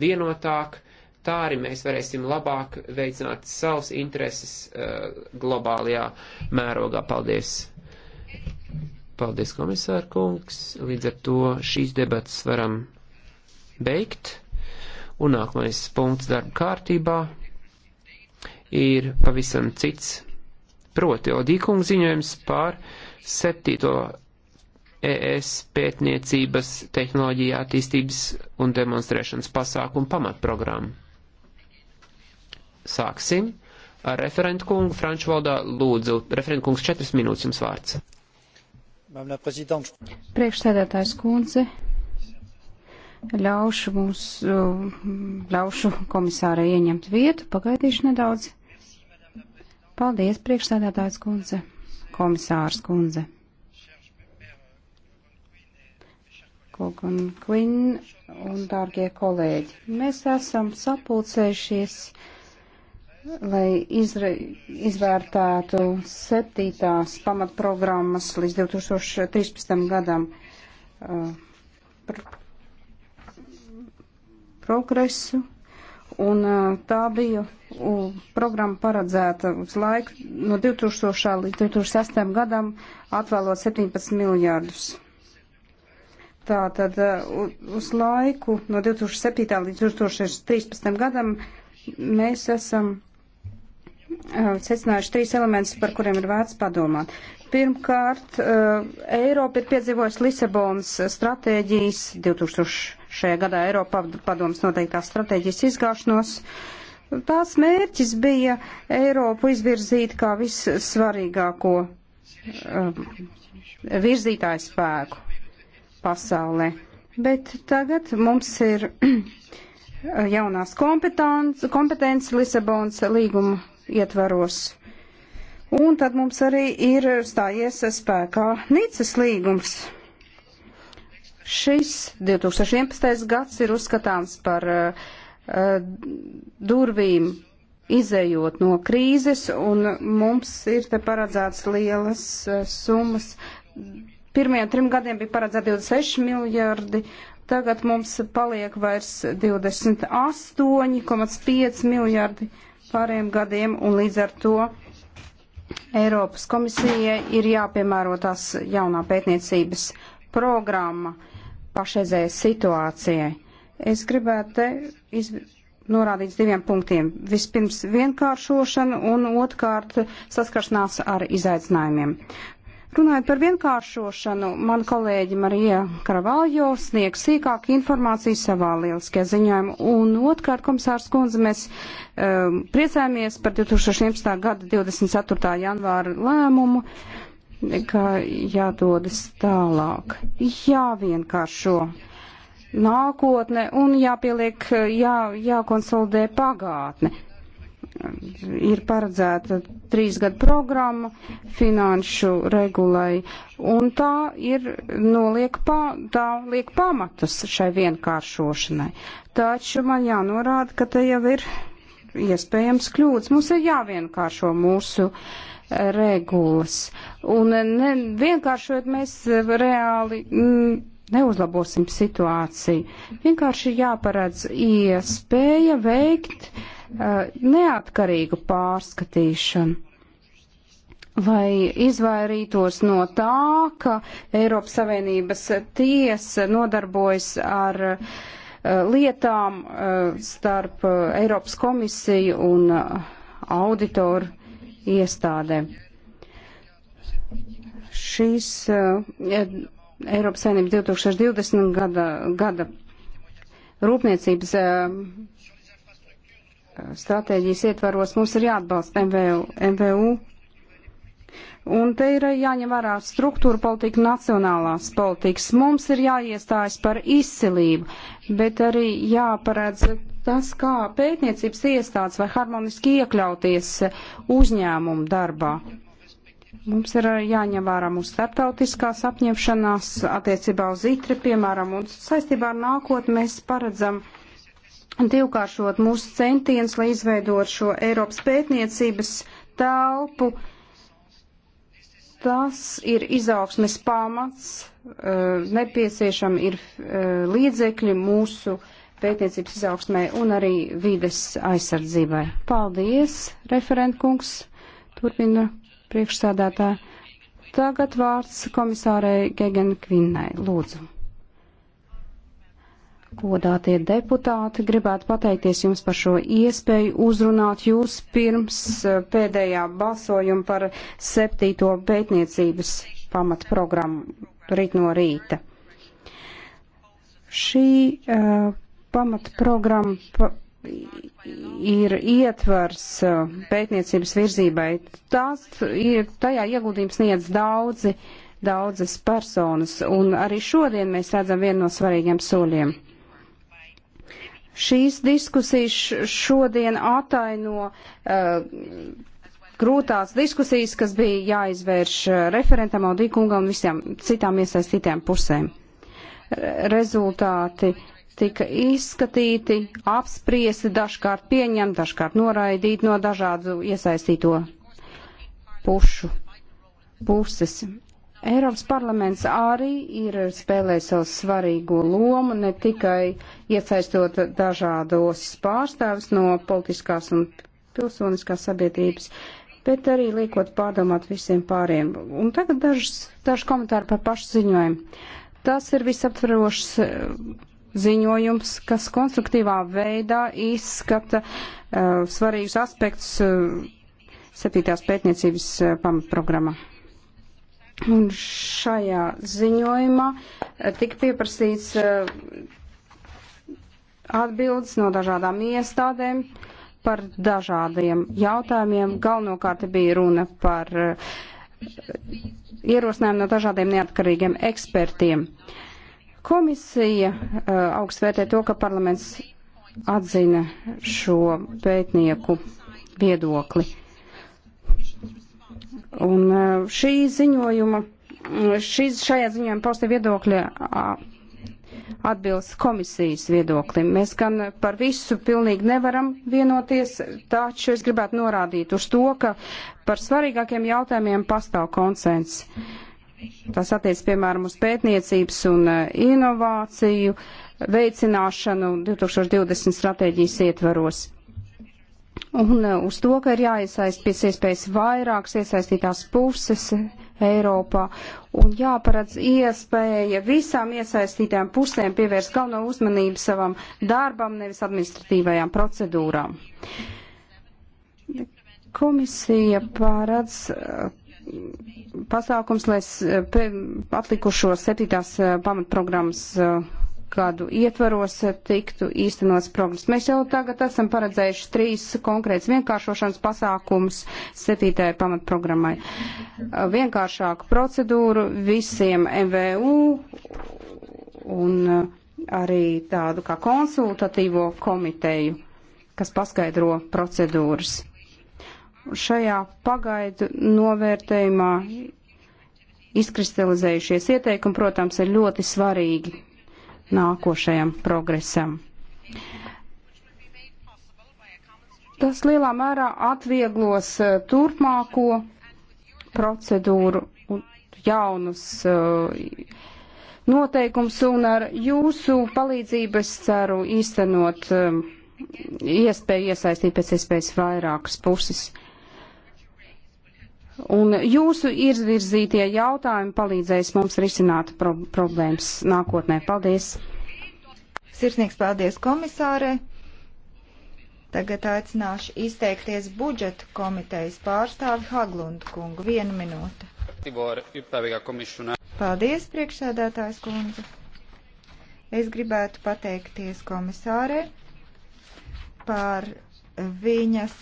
vienotāk, tā arī mēs varēsim labāk veicināt savus intereses uh, globālajā mērogā. Paldies! Paldies, komisāra kungs! Līdz ar to šīs debatas varam beigt. Un nākamais punkts darba kārtībā ir pavisam cits. Proti, Odīkungs ziņojums par septīto ES pētniecības, tehnoloģija attīstības un demonstrēšanas pasākumu pamatprogrammu. Sāksim ar referentu kungu franču valodā lūdzu. Referentu kungs, četras minūtes jums vārds. Priekšsēdētājs kundze, ļaušu mums, uh, ļaušu komisārai ieņemt vietu, pagaidīšu nedaudz. Paldies, priekšsēdētājs kundze, komisārs kundze. Kogan Kvinn un dārgie kolēģi. Mēs esam sapulcējušies, lai izre, izvērtētu septītās pamatprogrammas līdz 2013. gadam uh, pr progresu. Un uh, tā bija uh, programma paredzēta uz laiku no 2000. līdz 2006. gadam atvēlot 17 miljārdus Tā tad uh, uz laiku no 2007. līdz 2013. gadam mēs esam uh, secinājuši trīs elementus, par kuriem ir vērts padomāt. Pirmkārt, uh, Eiropa ir piedzīvojusi Lisabonas stratēģijas, 2000 šajā gadā Eiropa padomas noteiktās stratēģijas izgāšanos. Tās mērķis bija Eiropu izvirzīt kā vissvarīgāko um, virzītāju spēku pasaulē. Bet tagad mums ir jaunās kompetences Lisabonas līguma ietvaros. Un tad mums arī ir stājies spēkā Nīcas līgums. Šis 2011. gads ir uzskatāms par uh, durvīm izējot no krīzes, un mums ir te paredzēts lielas uh, summas Pirmajiem trim gadiem bija paredzēta 26 miljardi, tagad mums paliek vairs 28,5 miljardi pārējiem gadiem, un līdz ar to Eiropas komisijai ir jāpiemēro tās jaunā pētniecības programma pašreizējai situācijai. Es gribētu te iz... norādīt diviem punktiem. Vispirms vienkāršošana un otrkārt saskaršanās ar izaicinājumiem. Runājot par vienkāršošanu, man kolēģi Marija Karavaljo sniegs sīkāk informāciju savā lieliskajā ziņojumā. Un otrkārt, komisārs kundze, mēs um, priecājamies par 2011. gada 24. janvāra lēmumu, ka jādodas tālāk. Jāvienkāršo nākotne un jāpieliek, jā, jākonsolidē pagātne ir paredzēta trīs gadu programma finanšu regulai, un tā ir noliek, pā, tā liek pamatus šai vienkāršošanai. Taču man jānorāda, ka te jau ir iespējams kļūdas. Mums ir jāvienkāršo mūsu eh, regulas, un eh, ne, vienkāršot mēs eh, reāli. Mm, neuzlabosim situāciju. Vienkārši jāparedz iespēja veikt uh, Uh, neatkarīgu pārskatīšanu, lai izvairītos no tā, ka Eiropas Savienības tiesa nodarbojas ar uh, lietām uh, starp Eiropas komisiju un auditoru iestādēm. Šīs Eiropas Savienības 2020. gada, gada rūpniecības stratēģijas ietvaros mums ir jāatbalsta MVU. MVU. Un te ir jāņem vērā struktūra politika, nacionālās politikas. Mums ir jāiestājas par izcilību, bet arī jāparedz tas, kā pētniecības iestādes vai harmoniski iekļauties uzņēmumu darbā. Mums ir jāņem vērā mūsu starptautiskās apņemšanās attiecībā uz ITRI, piemēram, un saistībā ar nākotni mēs paredzam uh, divkāršot mūsu centienus, lai izveidot šo Eiropas pētniecības telpu. Tas ir izaugsmes pamats, eh, nepieciešami ir eh, līdzekļi mūsu pētniecības izaugsmē un arī vides aizsardzībai. Paldies, referentkungs, turpina priekšsādātā. Tagad vārds komisārai Gegen Kvinnai. Lūdzu. Godātie deputāti, gribētu pateikties jums par šo iespēju uzrunāt jūs pirms eh, pēdējā balsojuma par septīto pētniecības pamatprogrammu rīt no rīta. Šī uh, pamatprogramma pa ir ietvars eh, pētniecības virzībai. Tās ir, tajā ieguldījums sniedz daudzi, daudzas personas, un arī šodien mēs redzam vienu no svarīgiem soļiem Šīs diskusijas šodien ataino uh, grūtās diskusijas, kas bija jāizvērš uh, referentam, audīkungam un visām citām iesaistītām pusēm. Rezultāti tika izskatīti, apspriesti, dažkārt pieņemti, dažkārt noraidīti no dažādu iesaistīto pušu puses. Eiropas parlaments arī ir spēlējis savu svarīgo lomu, ne tikai iesaistot dažādos pārstāvis no politiskās un pilsoniskās sabiedrības, bet arī liekot pārdomāt visiem pāriem. Un tagad dažs, dažs komentāri par pašu ziņojumu. Tas ir visaptverošs eh, ziņojums, kas konstruktīvā veidā izskata uh, svarīgus aspektus uh, septītās pētniecības uh, pamatprogrammā. Un šajā ziņojumā eh, tika pieprasīts eh, atbildes no dažādām iestādēm par dažādiem jautājumiem. Galvenokārt bija runa par eh, ierosinājumu no dažādiem neatkarīgiem ekspertiem. Komisija augstvērtē to, ka parlaments atzina šo pētnieku viedokli. Un e, šī ziņojuma, e, šīs, šajā ziņojuma posta viedokļa atbilst komisijas viedoklim. Mēs gan par visu pilnīgi nevaram vienoties, taču es gribētu norādīt uz to, ka par svarīgākiem jautājumiem pastāv konsens. Tas attiec, piemēram, uz pētniecības un e, inovāciju veicināšanu 2020 stratēģijas ietvaros. Un eh, uz to, ka ir jāiesaist pēc iespējas vairākas iesaistītās puses Eiropā un jāparedz iespēja visām iesaistītām pusēm pievērst galveno uzmanību savam darbam, nevis administratīvajām procedūrām. Komisija paredz eh, pasākums, lai eh, atlikušos septītās pamatprogrammas gadu ietvaros tiktu īstenots progress. Mēs jau tagad esam paredzējuši trīs konkrēts vienkāršošanas pasākums septītajai pamatprogrammai. Vienkāršāku procedūru visiem MVU un arī tādu kā konsultatīvo komiteju, kas paskaidro procedūras. Šajā pagaidu novērtējumā izkristalizējušies ieteikumi, protams, ir ļoti svarīgi nākošajam progresam. Tas lielā mērā atvieglos e, turpmāko procedūru un jaunus e, noteikums un ar jūsu palīdzību es ceru īstenot e, iespēju iesaistīt pēc iespējas vairākas puses. Un jūsu izvirzītie jautājumi palīdzēs mums risināt pro problēmas nākotnē. Paldies! Sirsnīgs paldies komisārei! Tagad aicināšu izteikties budžeta komitejas pārstāvi Haglundu kungu. Vienu minūte. Paldies, priekšsēdētājs kundze. Es gribētu pateikties komisārē par viņas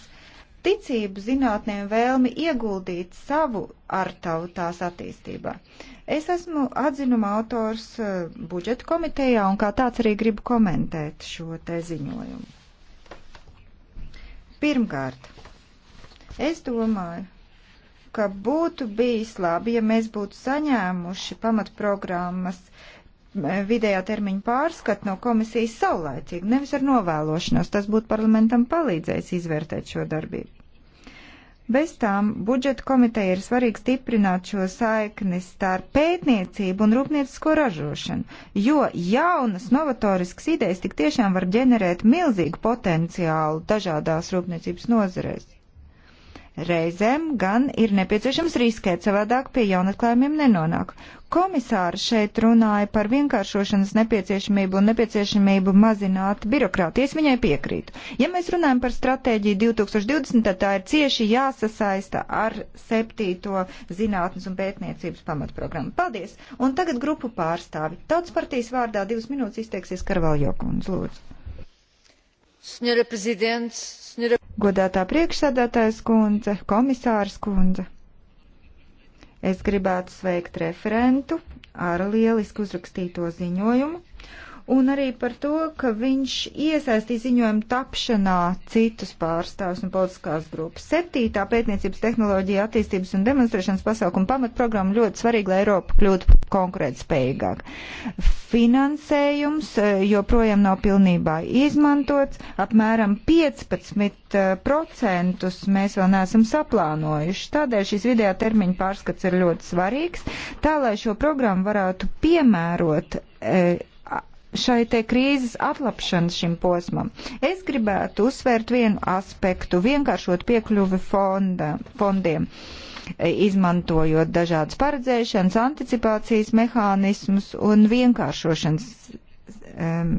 ticību zinātnē un vēlmi ieguldīt savu ar tavu tās attīstībā. Es esmu atzinuma autors eh, budžeta komitejā un kā tāds arī gribu komentēt šo te ziņojumu. Pirmkārt, es domāju, ka būtu bijis labi, ja mēs būtu saņēmuši pamatprogrammas uh, vidējā termiņa pārskatu no komisijas saulēcīgi, nevis ar novēlošanos. Tas būtu parlamentam palīdzējis izvērtēt šo darbību. Bez tām budžeta komiteja ir svarīgi stiprināt šo saikni starp pētniecību un rūpniecisko ražošanu, jo jaunas novatoriskas idejas tik tiešām var ģenerēt milzīgu potenciālu dažādās rūpniecības nozarēs. Reizēm gan ir nepieciešams riskēt, savādāk pie jaunatklājumiem nenonāk. Komisārs šeit runāja par vienkāršošanas nepieciešamību un nepieciešamību mazināt birokrātiju. Es viņai piekrītu. Ja mēs runājam par stratēģiju 2020, tad tā ir cieši jāsasaista ar septīto zinātnes un pētniecības pamatprogrammu. Paldies! Un tagad grupu pārstāvi. Tautas partijas vārdā divas minūtes izteiksies Karvaljokuns, lūdzu. Senjora prezidents, senjora Godātā priekšsēdētājas kundze, komisārs kundze. Es gribētu sveikt referentu ar lielisku uzrakstīto ziņojumu un arī par to, ka viņš iesaistīja ziņojumu tapšanā citus pārstāvus un politiskās grupas. Septītā pētniecības tehnoloģija attīstības un demonstrēšanas pasaukuma pamatprogramma ļoti svarīga, lai Eiropa kļūtu konkurētspējīgāk. Finansējums eh, joprojām nav pilnībā izmantots, apmēram 15% eh, mēs vēl neesam saplānojuši. Tādēļ šis vidējā termiņa pārskats ir ļoti svarīgs, tā lai šo programmu varētu piemērot eh, šai te krīzes atlapšanas šim posmam. Es gribētu uzsvērt vienu aspektu, vienkāršot piekļuvi fonda, fondiem, izmantojot dažādas paredzēšanas, anticipācijas mehānismus un vienkāršošanas um,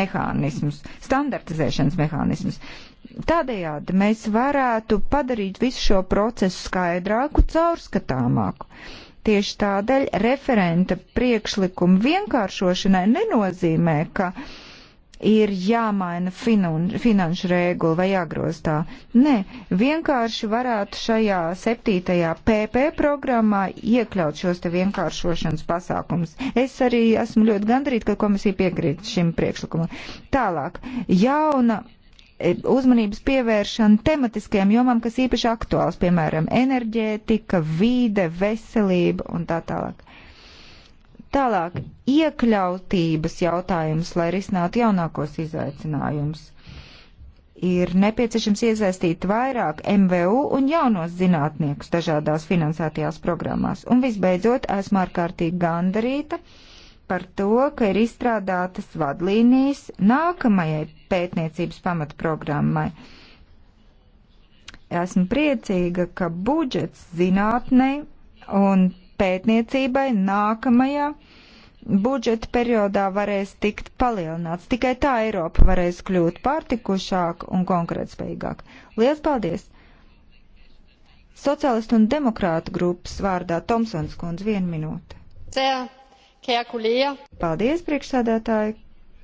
mehānismus, standartizēšanas mehānismus. Tādējādi mēs varētu padarīt visu šo procesu skaidrāku, caurskatāmāku. Uh, Tieši tādēļ referenta priekšlikuma vienkāršošanai nenozīmē, ka ir jāmaina finun, finanšu regula vai jāgroztā. Nē, vienkārši varētu šajā septītajā PP programmā iekļaut šos te vienkāršošanas pasākums. Es arī esmu ļoti gandrīt, ka komisija piekrīt šim priekšlikumam. Tālāk, jauna E, uzmanības pievēršana tematiskajām jomām, kas īpaši aktuāls, piemēram, enerģētika, vīde, veselība un tā tālāk. Tālāk, iekļautības jautājums, lai risinātu jaunākos izaicinājumus ir nepieciešams iesaistīt vairāk MVU un jaunos zinātniekus dažādās finansētajās programmās. Un visbeidzot, esmu ārkārtīgi gandarīta, par to, ka ir izstrādātas vadlīnijas nākamajai pētniecības pamatprogrammai. Esmu priecīga, ka budžets zinātnei un pētniecībai nākamajā budžeta periodā varēs tikt palielināts. Tikai tā Eiropa varēs kļūt pārtikušāk un konkurētspējīgāk. Lielas paldies! Socialistu un demokrātu grupas vārdā Tomsons kundze vienu minūti. Cēl. Paldies, priekšsādātāji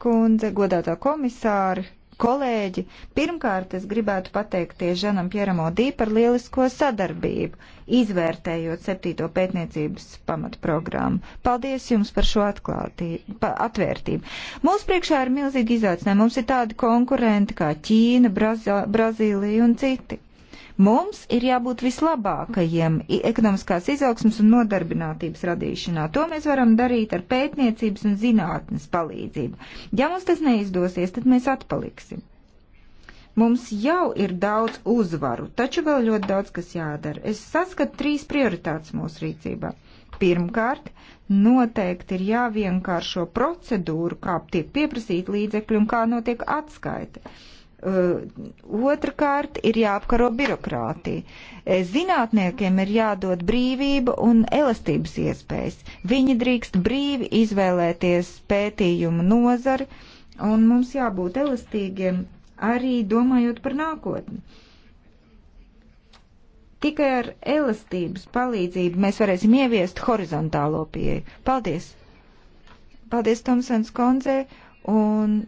kundze, godātā komisāri, kolēģi. Pirmkārt, es gribētu pateikties Žanam Pieramo Dī par lielisko sadarbību, izvērtējot septīto pētniecības pamatu programmu. Paldies jums par šo atklātību, pa, atvērtību. Mūsu priekšā ir milzīgi izaicinājumi. Mums ir tādi konkurenti kā Ķīna, Braza, Brazīlija un citi. Mums ir jābūt vislabākajiem ekonomiskās izaugsmas un nodarbinātības radīšanā. To mēs varam darīt ar pētniecības un zinātnes palīdzību. Ja mums tas neizdosies, tad mēs atpaliksim. Mums jau ir daudz uzvaru, taču vēl ļoti daudz, kas jādara. Es saskatu trīs prioritātes mūsu rīcībā. Pirmkārt, noteikti ir jāvienkāršo procedūru, kā tiek pieprasīt līdzekļi un kā notiek atskaita. Uh, Otrakārt ir jāapkaro birokrātija. Eh, zinātniekiem ir jādod brīvība un elastības iespējas. Viņi drīkst brīvi izvēlēties pētījumu nozari, un mums jābūt elastīgiem arī domājot par nākotni. Tikai ar elastības palīdzību mēs varēsim ieviest horizontālo pieeju. Paldies! Paldies, Tomsons Konzē, un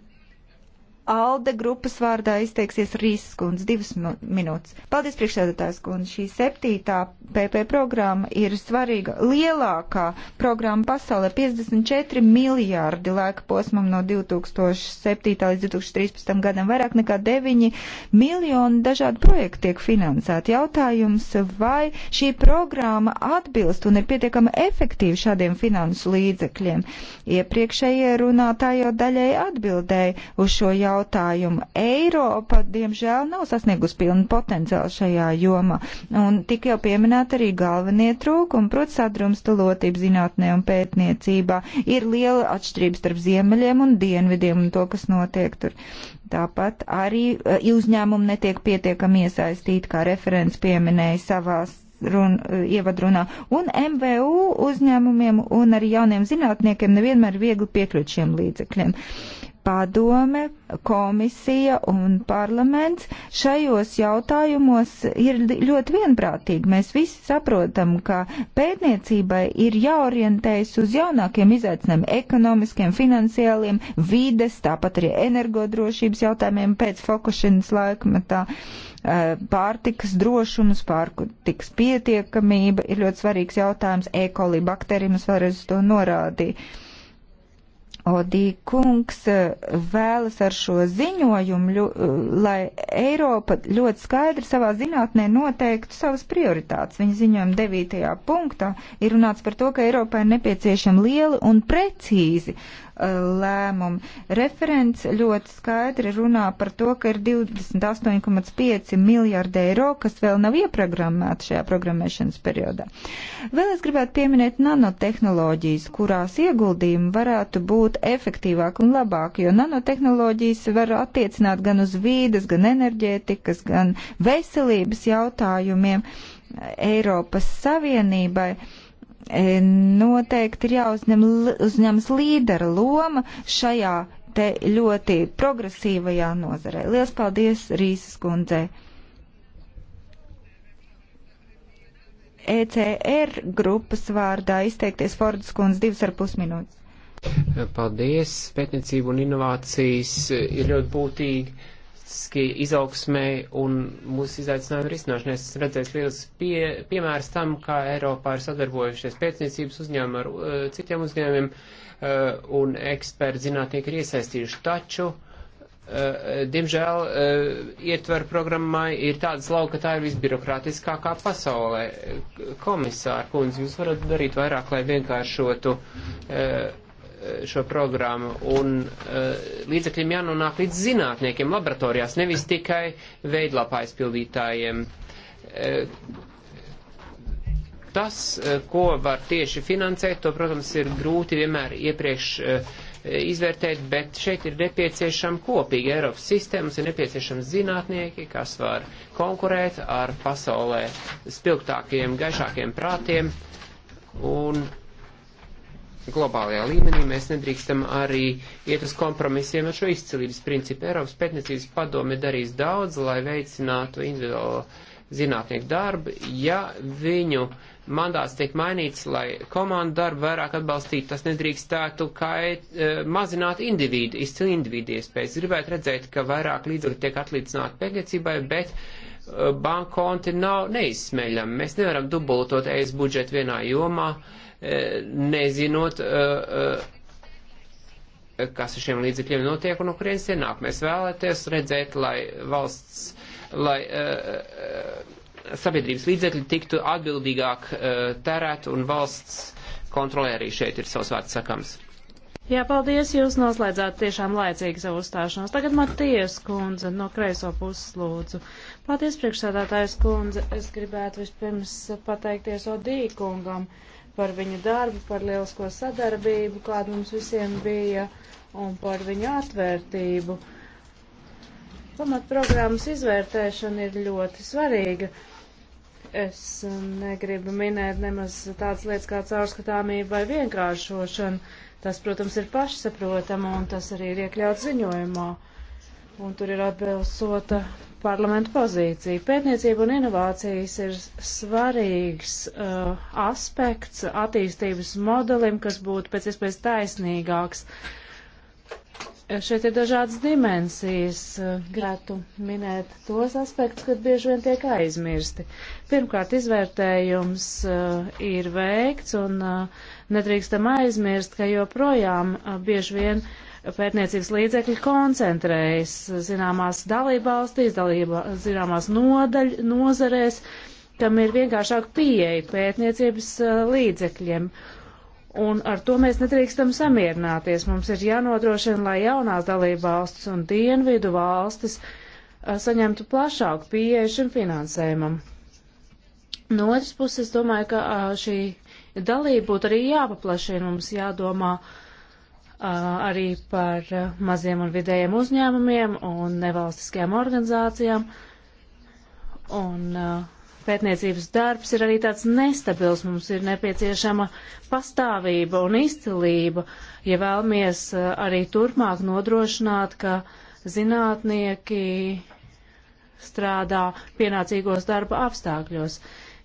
Alde grupas vārdā izteiksies Rīsas kundze divas minūtes. Paldies, priekšsēdētājs kundze. Šī septītā PP programma ir svarīga lielākā programma pasaulē. 54 miljārdi laika posmam no 2007. līdz 2013. gadam vairāk nekā 9 miljoni dažādu projektu tiek finansēti. Jautājums, vai šī programma atbilst un ir pietiekama efektīva šādiem finansu līdzekļiem? Iepriekšējie runātāji jau daļai atbildēja uz šo jautājumu jautājumu. Eiropa, diemžēl, nav sasniegusi pilnu potenciālu šajā jomā. Un tik jau pieminēt arī galvenie trūkumi, proti sadrumstalotība zinātnē un pētniecībā. Ir liela atšķirības starp ziemeļiem un dienvidiem un to, kas notiek tur. Tāpat arī eh, uzņēmumi netiek pietiekami iesaistīti, kā referents pieminēja savās run, ievadrunā, un MVU uzņēmumiem un arī jauniem zinātniekiem nevienmēr viegli piekļūt šiem līdzekļiem. Uh, padome, komisija un parlaments šajos jautājumos ir ļoti vienprātīgi. Mēs visi saprotam, ka pētniecībai ir jāorientējas uz jaunākiem izaicinājumiem - ekonomiskiem, finansiāliem, vides, tāpat arī energodrošības jautājumiem pēc Fokušinas laikmetā. Eh, pārtikas drošums, pārtikas pietiekamība ir ļoti svarīgs jautājums. E. coli bakterijums vēlreiz to norādīja Odī kungs eh, vēlas ar šo ziņojumu, ļu, eh, lai Eiropa ļoti skaidri savā zinātnē noteiktu savas prioritātes. Viņa ziņojuma devītajā punktā ir runāts par to, ka Eiropai nepieciešama liela un precīzi uh, lēmumi. Referents ļoti skaidri runā par to, ka ir 28,5 miljārdi eiro, kas vēl nav ieprogrammēti šajā programmēšanas periodā. Vēl es gribētu pieminēt nanotehnoloģijas, kurās ieguldījumi varētu būt efektīvāk un labāk, jo nanotehnoloģijas var attiecināt gan uz vīdes, gan enerģētikas, gan veselības jautājumiem Eiropas Savienībai E, noteikti ir jāuzņem uzņems līdera loma šajā te ļoti progresīvajā nozarē. Lielas paldies Rīsas kundzei! ECR grupas vārdā izteikties Fordas kundze divas ar pus minūtes. Paldies! Pētniecība un inovācijas ir ļoti būtīgi izaugsmēji un mūsu izaicinājumu risināšanai. Esmu redzējis liels pie, piemērs tam, kā Eiropā ir sadarbojušies pētniecības uzņēmumi ar uh, citiem uzņēmumiem uh, un eksperti zinātnieki ir iesaistījuši. Taču, uh, diemžēl, uh, ietver programmai ir tādas lauka, ka tā ir visbirokrātiskākā pasaulē. Komisāra kundze, jūs varat darīt vairāk, lai vienkāršotu. Uh, šo programmu, un eh, līdzekļiem jānonāk līdz zinātniekiem laboratorijās, nevis tikai veidlapā aizpildītājiem. Eh, tas, eh, ko var tieši finansēt, to, protams, ir grūti vienmēr iepriekš izvērtēt, bet šeit ir nepieciešama kopīga Eiropas sistēma, ir nepieciešama zinātnieki, kas var konkurēt ar pasaulē spilgtākajiem, gaišākiem prātiem. Un globālajā līmenī. Mēs nedrīkstam arī iet uz kompromisiem ar šo izcilības principu. Eiropas pētniecības padome darīs daudz, lai veicinātu individuālo zinātnieku darbu, ja viņu mandāts tiek mainīts, lai komandu darbu vairāk atbalstītu, tas nedrīkstētu kait, eh, mazināt individu, izcilu individu iespējas. Gribētu redzēt, ka vairāk līdzekļu tiek atlīdzināti pētniecībai, bet eh, bankonti nav neizsmeļami. Mēs nevaram dubultot ES budžetu vienā jomā. Uh, E, nezinot, e, e, kas ar šiem līdzekļiem notiek un no kurienes tie nāk. Mēs vēlēties redzēt, lai valsts, lai sabiedrības līdzekļi tiktu atbildīgāk tērēt un valsts kontrolē arī šeit ir savs vārds sakams. Jā, paldies, jūs noslēdzāt tiešām laicīgi savu uzstāšanos. Tagad Matijas kundze no kreiso puses lūdzu. Paldies, priekšsēdātājs kundze. Es gribētu vispirms pateikties Odī kungam. Uh, par viņu darbu, par lielisko sadarbību, kāda mums visiem bija, un par viņu atvērtību. Pamatprogrammas izvērtēšana ir ļoti svarīga. Es um, negribu minēt nemaz tādas lietas kā caurskatāmība vai vienkāršošana. Tas, protams, ir pašsaprotama, un tas arī ir iekļauts ziņojumā. Un tur ir atbilsota parlamentu pozīciju. Pētniecība un inovācijas ir svarīgs uh, aspekts attīstības modelim, kas būtu pēc iespējas taisnīgāks. Uh, šeit ir dažādas dimensijas. Uh, grētu minēt tos aspektus, kad bieži vien tiek aizmirsti. Pirmkārt, izvērtējums uh, ir veikts un uh, nedrīkstam aizmirst, ka joprojām uh, bieži vien uh, pētniecības līdzekļi koncentrējas zināmās dalībvalstīs, dalība, zināmās nodaļ, nozarēs, kam ir vienkāršāk pieeja pētniecības līdzekļiem. Un ar to mēs nedrīkstam samierināties. Mums ir jānodrošina, lai jaunās dalībvalstis un dienvidu valstis saņemtu plašāku pieeju šim finansējumam. No otras puses, es domāju, ka šī dalība būtu arī jāpaplašina. Mums jādomā uh, arī par maziem un vidējiem uzņēmumiem un nevalstiskajām organizācijām. Un pētniecības darbs ir arī tāds nestabils. Mums ir nepieciešama pastāvība un izcilība, ja vēlamies arī turpmāk nodrošināt, ka zinātnieki strādā pienācīgos darba apstākļos.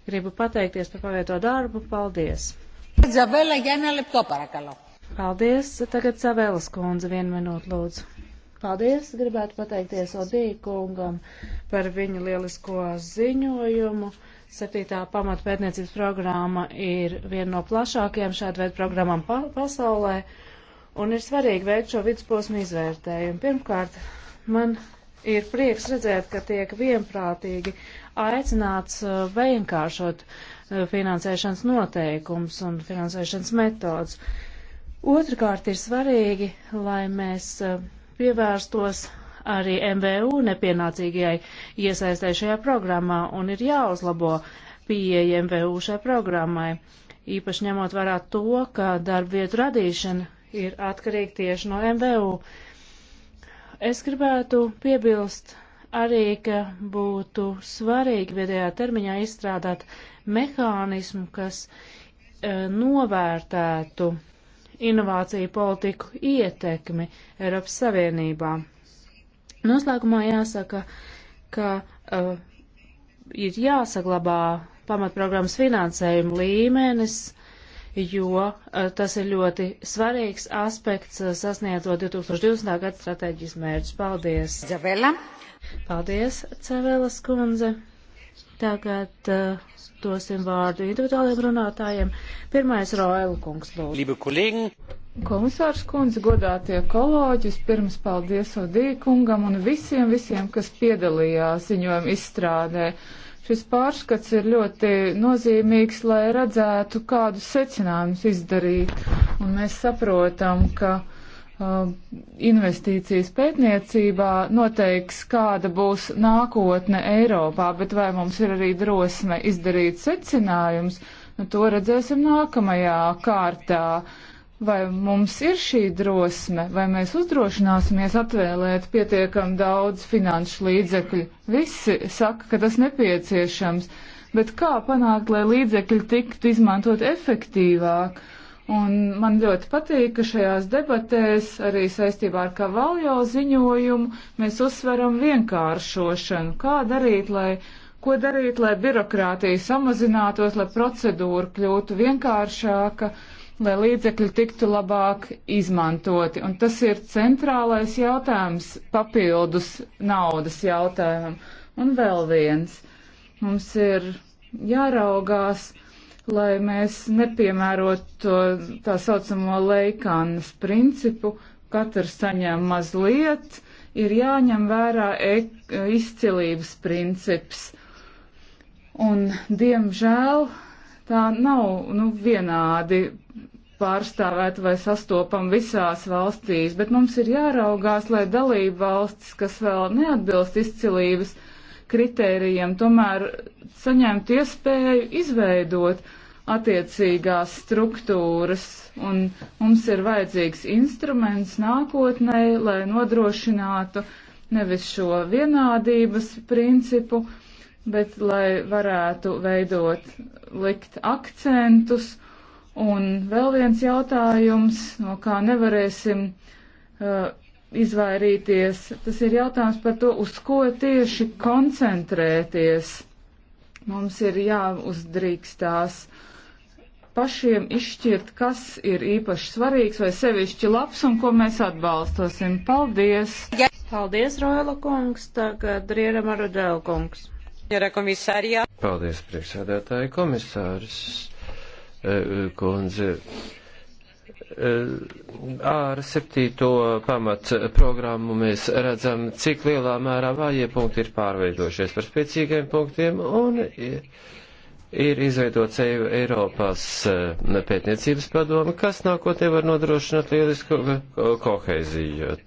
Gribu pateikties par pavieto darbu. Paldies! Zabela, Jāna Lepto, parakalo. Paldies. Tagad Savēlas kundze vienu minūtu lūdzu. Paldies. Gribētu pateikties Odīja kungam par viņu lielisko ziņojumu. Septītā pamatpētniecības programma ir viena no plašākajām šāda veida programmām pa pasaulē, un ir svarīgi veikt šo vidusposmu izvērtējumu. Pirmkārt, man ir prieks redzēt, ka tiek vienprātīgi aicināts uh, vienkāršot uh, finansēšanas noteikums un finansēšanas metodus. Otrakārt ir svarīgi, lai mēs eh, pievērstos arī MVU nepienācīgajai iesaistē šajā programmā un ir jāuzlabo pieeja MVU šai programmai, īpaši ņemot vērā to, ka darba vietu radīšana ir atkarīga tieši no MVU. Es gribētu piebilst arī, ka būtu svarīgi viedajā termiņā izstrādāt mehānismu, kas e, novērtētu inovāciju politiku ietekmi Eiropas Savienībā. Noslēgumā jāsaka, ka uh, ir jāsaglabā pamatprogrammas finansējuma līmenis, jo uh, tas ir ļoti svarīgs aspekts uh, sasniedzot 2020. gada stratēģijas mērķus. Paldies! Zavela. Paldies, Cevēlas kundze! Tagad uh, dosim vārdu individuāliem runātājiem. Pirmais Roela kungs lūdzu. Komisārs kundze, godātie kolēģis, pirms paldies Odī kungam un visiem, visiem, kas piedalījās ziņojuma izstrādē. Šis pārskats ir ļoti nozīmīgs, lai redzētu, kādus secinājumus izdarīt. Un mēs saprotam, ka Um, investīcijas pētniecībā noteiks, kāda būs nākotne Eiropā, bet vai mums ir arī drosme izdarīt secinājums, nu, to redzēsim nākamajā kārtā. Vai mums ir šī drosme, vai mēs uzdrošināsimies atvēlēt pietiekam daudz finanšu līdzekļu? Visi saka, ka tas nepieciešams, bet kā panākt, lai līdzekļi tiktu izmantot efektīvāk? Un man ļoti patīk, ka šajās debatēs arī saistībā ar Kavaljo ziņojumu mēs uzsveram vienkāršošanu. Kā darīt, lai, ko darīt, lai birokrātija samazinātos, lai procedūra kļūtu vienkāršāka, lai līdzekļi tiktu labāk izmantoti. Un tas ir centrālais jautājums papildus naudas jautājumam. Un vēl viens. Mums ir jāraugās lai mēs nepiemērotu tā saucamo leikānas principu, katrs saņem mazliet, ir jāņem vērā ek, izcilības princips. Un, diemžēl, tā nav nu, vienādi pārstāvēta vai sastopama visās valstīs, bet mums ir jāraugās, lai dalība valstis, kas vēl neatbilst izcilības kritērijiem, tomēr saņemtu iespēju izveidot uh, attiecīgās struktūras, un mums ir vajadzīgs instruments nākotnē, lai nodrošinātu nevis šo vienādības principu, bet lai varētu veidot, likt akcentus. Un vēl viens jautājums, no kā nevarēsim uh, izvairīties, tas ir jautājums par to, uz ko tieši koncentrēties. Mums ir jāuzdrīkstās uh, pašiem izšķirt, kas ir īpaši svarīgs vai sevišķi labs un ko mēs atbalstosim. Paldies! Paldies, Roela kungs, tagad Riera Marudēla kungs. Paldies, priekšsēdētāji komisārs eh, kundze eh, ar septīto pamat programmu mēs redzam, cik lielā mērā vājie punkti ir pārveidojušies par spēcīgiem punktiem, un eh, ir izveidots e- Eiropas eh, pētniecības padome, kas nākotnē var nodrošināt lielisku eh, koheiziju.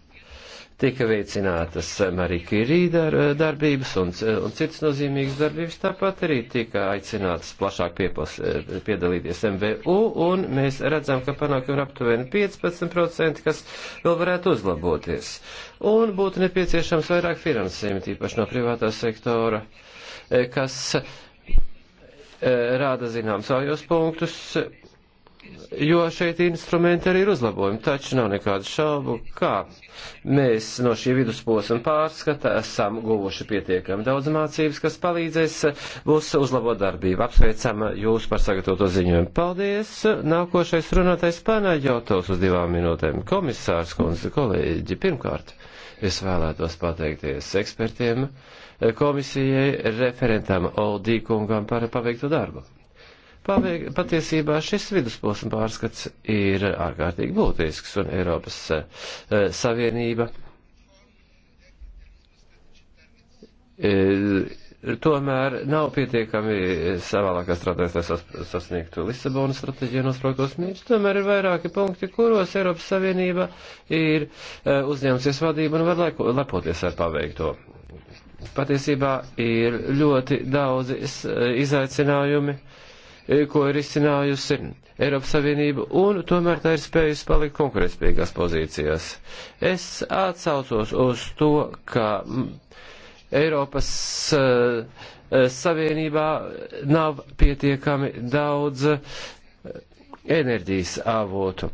Tika veicinātas Marija Kirija eh, darbības un, un citas nozīmīgas darbības, tāpat arī tika aicinātas plašāk pieplas, piedalīties MVU, un mēs redzam, ka panākumi ir aptuveni 15%, kas vēl varētu uzlaboties. Un būtu nepieciešams vairāk finansējumi, tīpaši no privātā sektora, kas uh, Eh, rāda zināms aujos punktus, jo šeit instrumenti arī ir uzlabojumi, taču nav nekādu šaubu, kā mēs no šī vidusposma pārskata esam guvuši pietiekami daudz mācības, kas palīdzēs būs uzlabot darbību. Apsveicam jūs par sagatavoto ziņojumu. Paldies! Nākošais runātais Panaģautovs uz divām minūtēm. Komisārs, kundze, kolēģi, pirmkārt, es vēlētos pateikties ekspertiem komisijai, referentam Oldīkungam par paveikto darbu. Paveik, patiesībā šis vidusposma pārskats ir ārkārtīgi būtisks un Eiropas uh, Savienība uh, tomēr nav pietiekami savālākā stratēģija, lai sasniegtu Lisabonas stratēģiju nosprautos mērķus. Tomēr ir vairāki punkti, kuros Eiropas Savienība ir eh, uzņēmusies vadību un var lepoties ar paveikto patiesībā ir ļoti daudz e, izaicinājumi, e, ko ir izcinājusi Eiropas Savienība, un tomēr tā ir spējusi palikt konkurētspējīgās pozīcijās. Es atsaucos uz to, ka Eiropas uh, Savienībā nav pietiekami daudz enerģijas avotu.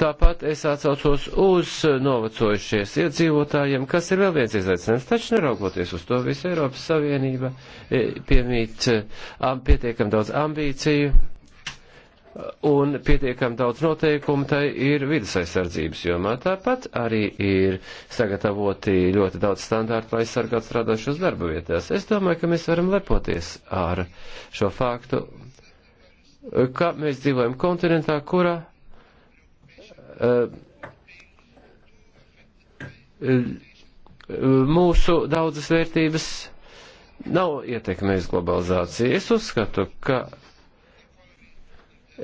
Tāpat es atsaucos uz novecojušies iedzīvotājiem, kas ir vēl viens izaicinājums. Taču neraugoties uz to, visa Eiropas Savienība e, piemīt e, pietiekam daudz ambīciju un pietiekam daudz noteikumu, tai ir vidas aizsardzības jomā. Tāpat arī ir sagatavoti ļoti daudz standārtu, lai aizsargātu strādājušos darba vietās. Es domāju, ka mēs varam lepoties ar šo faktu, ka mēs dzīvojam kontinentā, kurā mūsu daudzas vērtības nav ietekmējis globalizācija. Es uzskatu, ka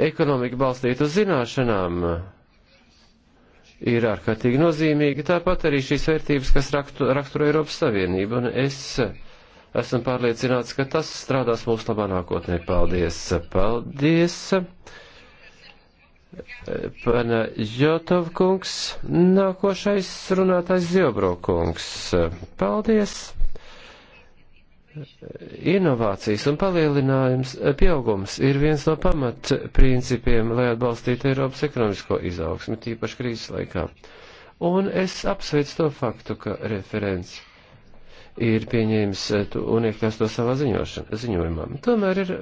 ekonomika balstīta uz zināšanām ir ārkārtīgi nozīmīga, tāpat arī šīs vērtības, kas raktu, raksturo Eiropas Savienību, un es esmu pārliecināts, ka tas strādās mūsu labā nākotnē. Paldies! Paldies! Pana Jotovkungs, nākošais runātājs Ziobrokungs. Paldies! Inovācijas un palielinājums pieaugums ir viens no pamatprincipiem, lai atbalstītu Eiropas ekonomisko izaugsmi, tīpaši krīzes laikā. Un es apsveicu to faktu, ka referents ir pieņēmis un iekļās to savā ziņošanā, ziņojumā. Tomēr ir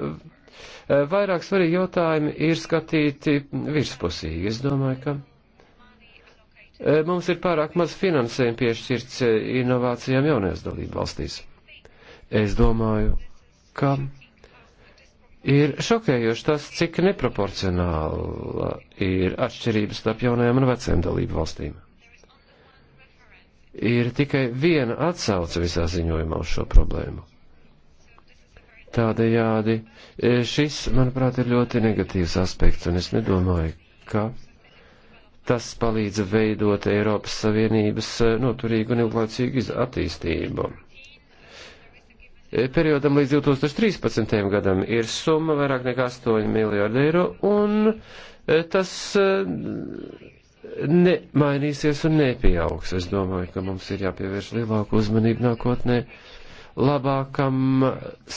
Eh, vairāk svarīgi jautājumi ir skatīti virspusīgi. Es domāju, ka eh, mums ir pārāk maz finansējumu piešķirts eh, inovācijām jaunajās dalību valstīs. Es domāju, ka ir šokējoši tas, cik neproporcionāla ir atšķirības starp jaunajām un vecajām dalību valstīm ir tikai viena atsauce visā ziņojumā uz šo problēmu. Tādējādi e, šis, manuprāt, ir ļoti negatīvs aspekts, un es nedomāju, ka tas palīdz veidot Eiropas Savienības e, noturīgu un ilglaicīgu attīstību. E, periodam līdz 2013. gadam ir summa vairāk nekā 8 miljārdi eiro, un tas nemainīsies un nepieaugs. Es domāju, ka mums ir jāpievērš lielāku uzmanību nākotnē labākam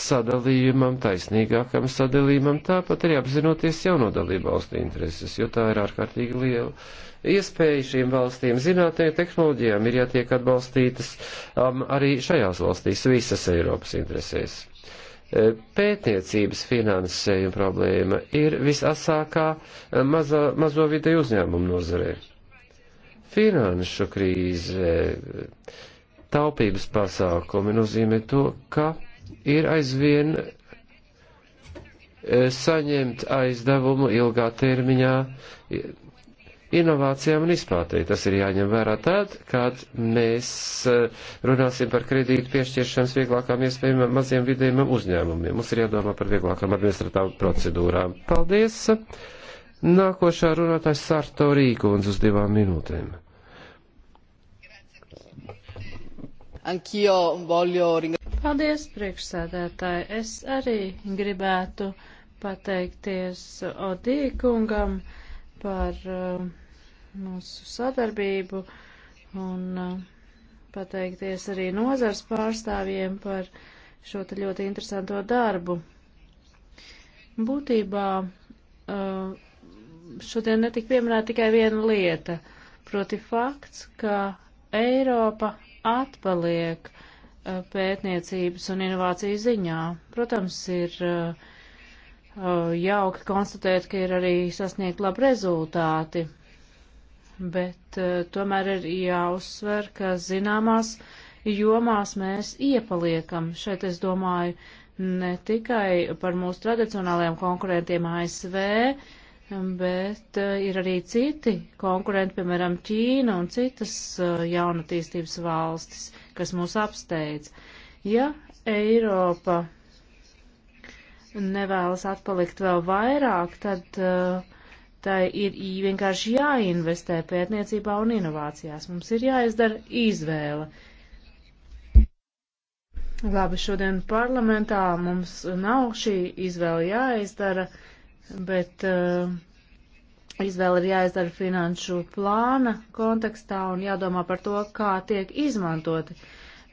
sadalījumam, taisnīgākam sadalījumam, tāpat arī apzinoties jauno dalību valstu intereses, jo tā ir ārkārtīgi liela iespēja šīm valstīm zinātnē tehnoloģijām ir jātiek atbalstītas um, arī šajās valstīs visas Eiropas interesēs. E, pētniecības finansējuma problēma ir visasākā e, maza, mazo vidēju uzņēmumu nozarē finanšu krīze, Taupības pasākumi nozīmē to, ka ir aizvien eh, saņemt aizdevumu ilgā termiņā inovācijām un izpētēji. Tas ir jāņem vērā tad, kad mēs eh, runāsim par kredītu piešķiršanas vieglākām iespējām maziem vidējiem uzņēmumiem. Mums ir jādomā par vieglākām administratīvām procedūrām. Paldies! Nākošā runātājs Sārto Rīkons uz divām minūtēm. Paldies, priekšsēdētāji. Es arī gribētu pateikties Odīkungam par uh, mūsu sadarbību un uh, pateikties arī nozars pārstāvjiem par šo te ļoti interesanto darbu. Būtībā uh, šodien netika pieminēta tikai viena lieta, proti fakts, ka Eiropa atpaliek uh, pētniecības un inovāciju ziņā. Protams, ir uh, uh, jauki konstatēt, ka ir arī sasniegt labi rezultāti, bet tomēr ir jāuzsver, ka zināmās jomās mēs iepaliekam. Šeit es domāju ne tikai par mūsu tradicionālajiem konkurentiem ASV, Bet eh, ir arī citi konkurenti, piemēram, Ķīna un citas eh, jaunatīstības valstis, kas mūs apsteidz. Ja Eiropa nevēlas atpalikt vēl vairāk, tad eh, tai ir vienkārši jāinvestē pētniecībā un inovācijās. Mums ir jāizdara izvēle. Labi, šodien parlamentā mums nav šī izvēle jāizdara. Uh, bet uh, izvēle ir jāizdara finanšu plāna kontekstā un jādomā par to, kā tiek izmantoti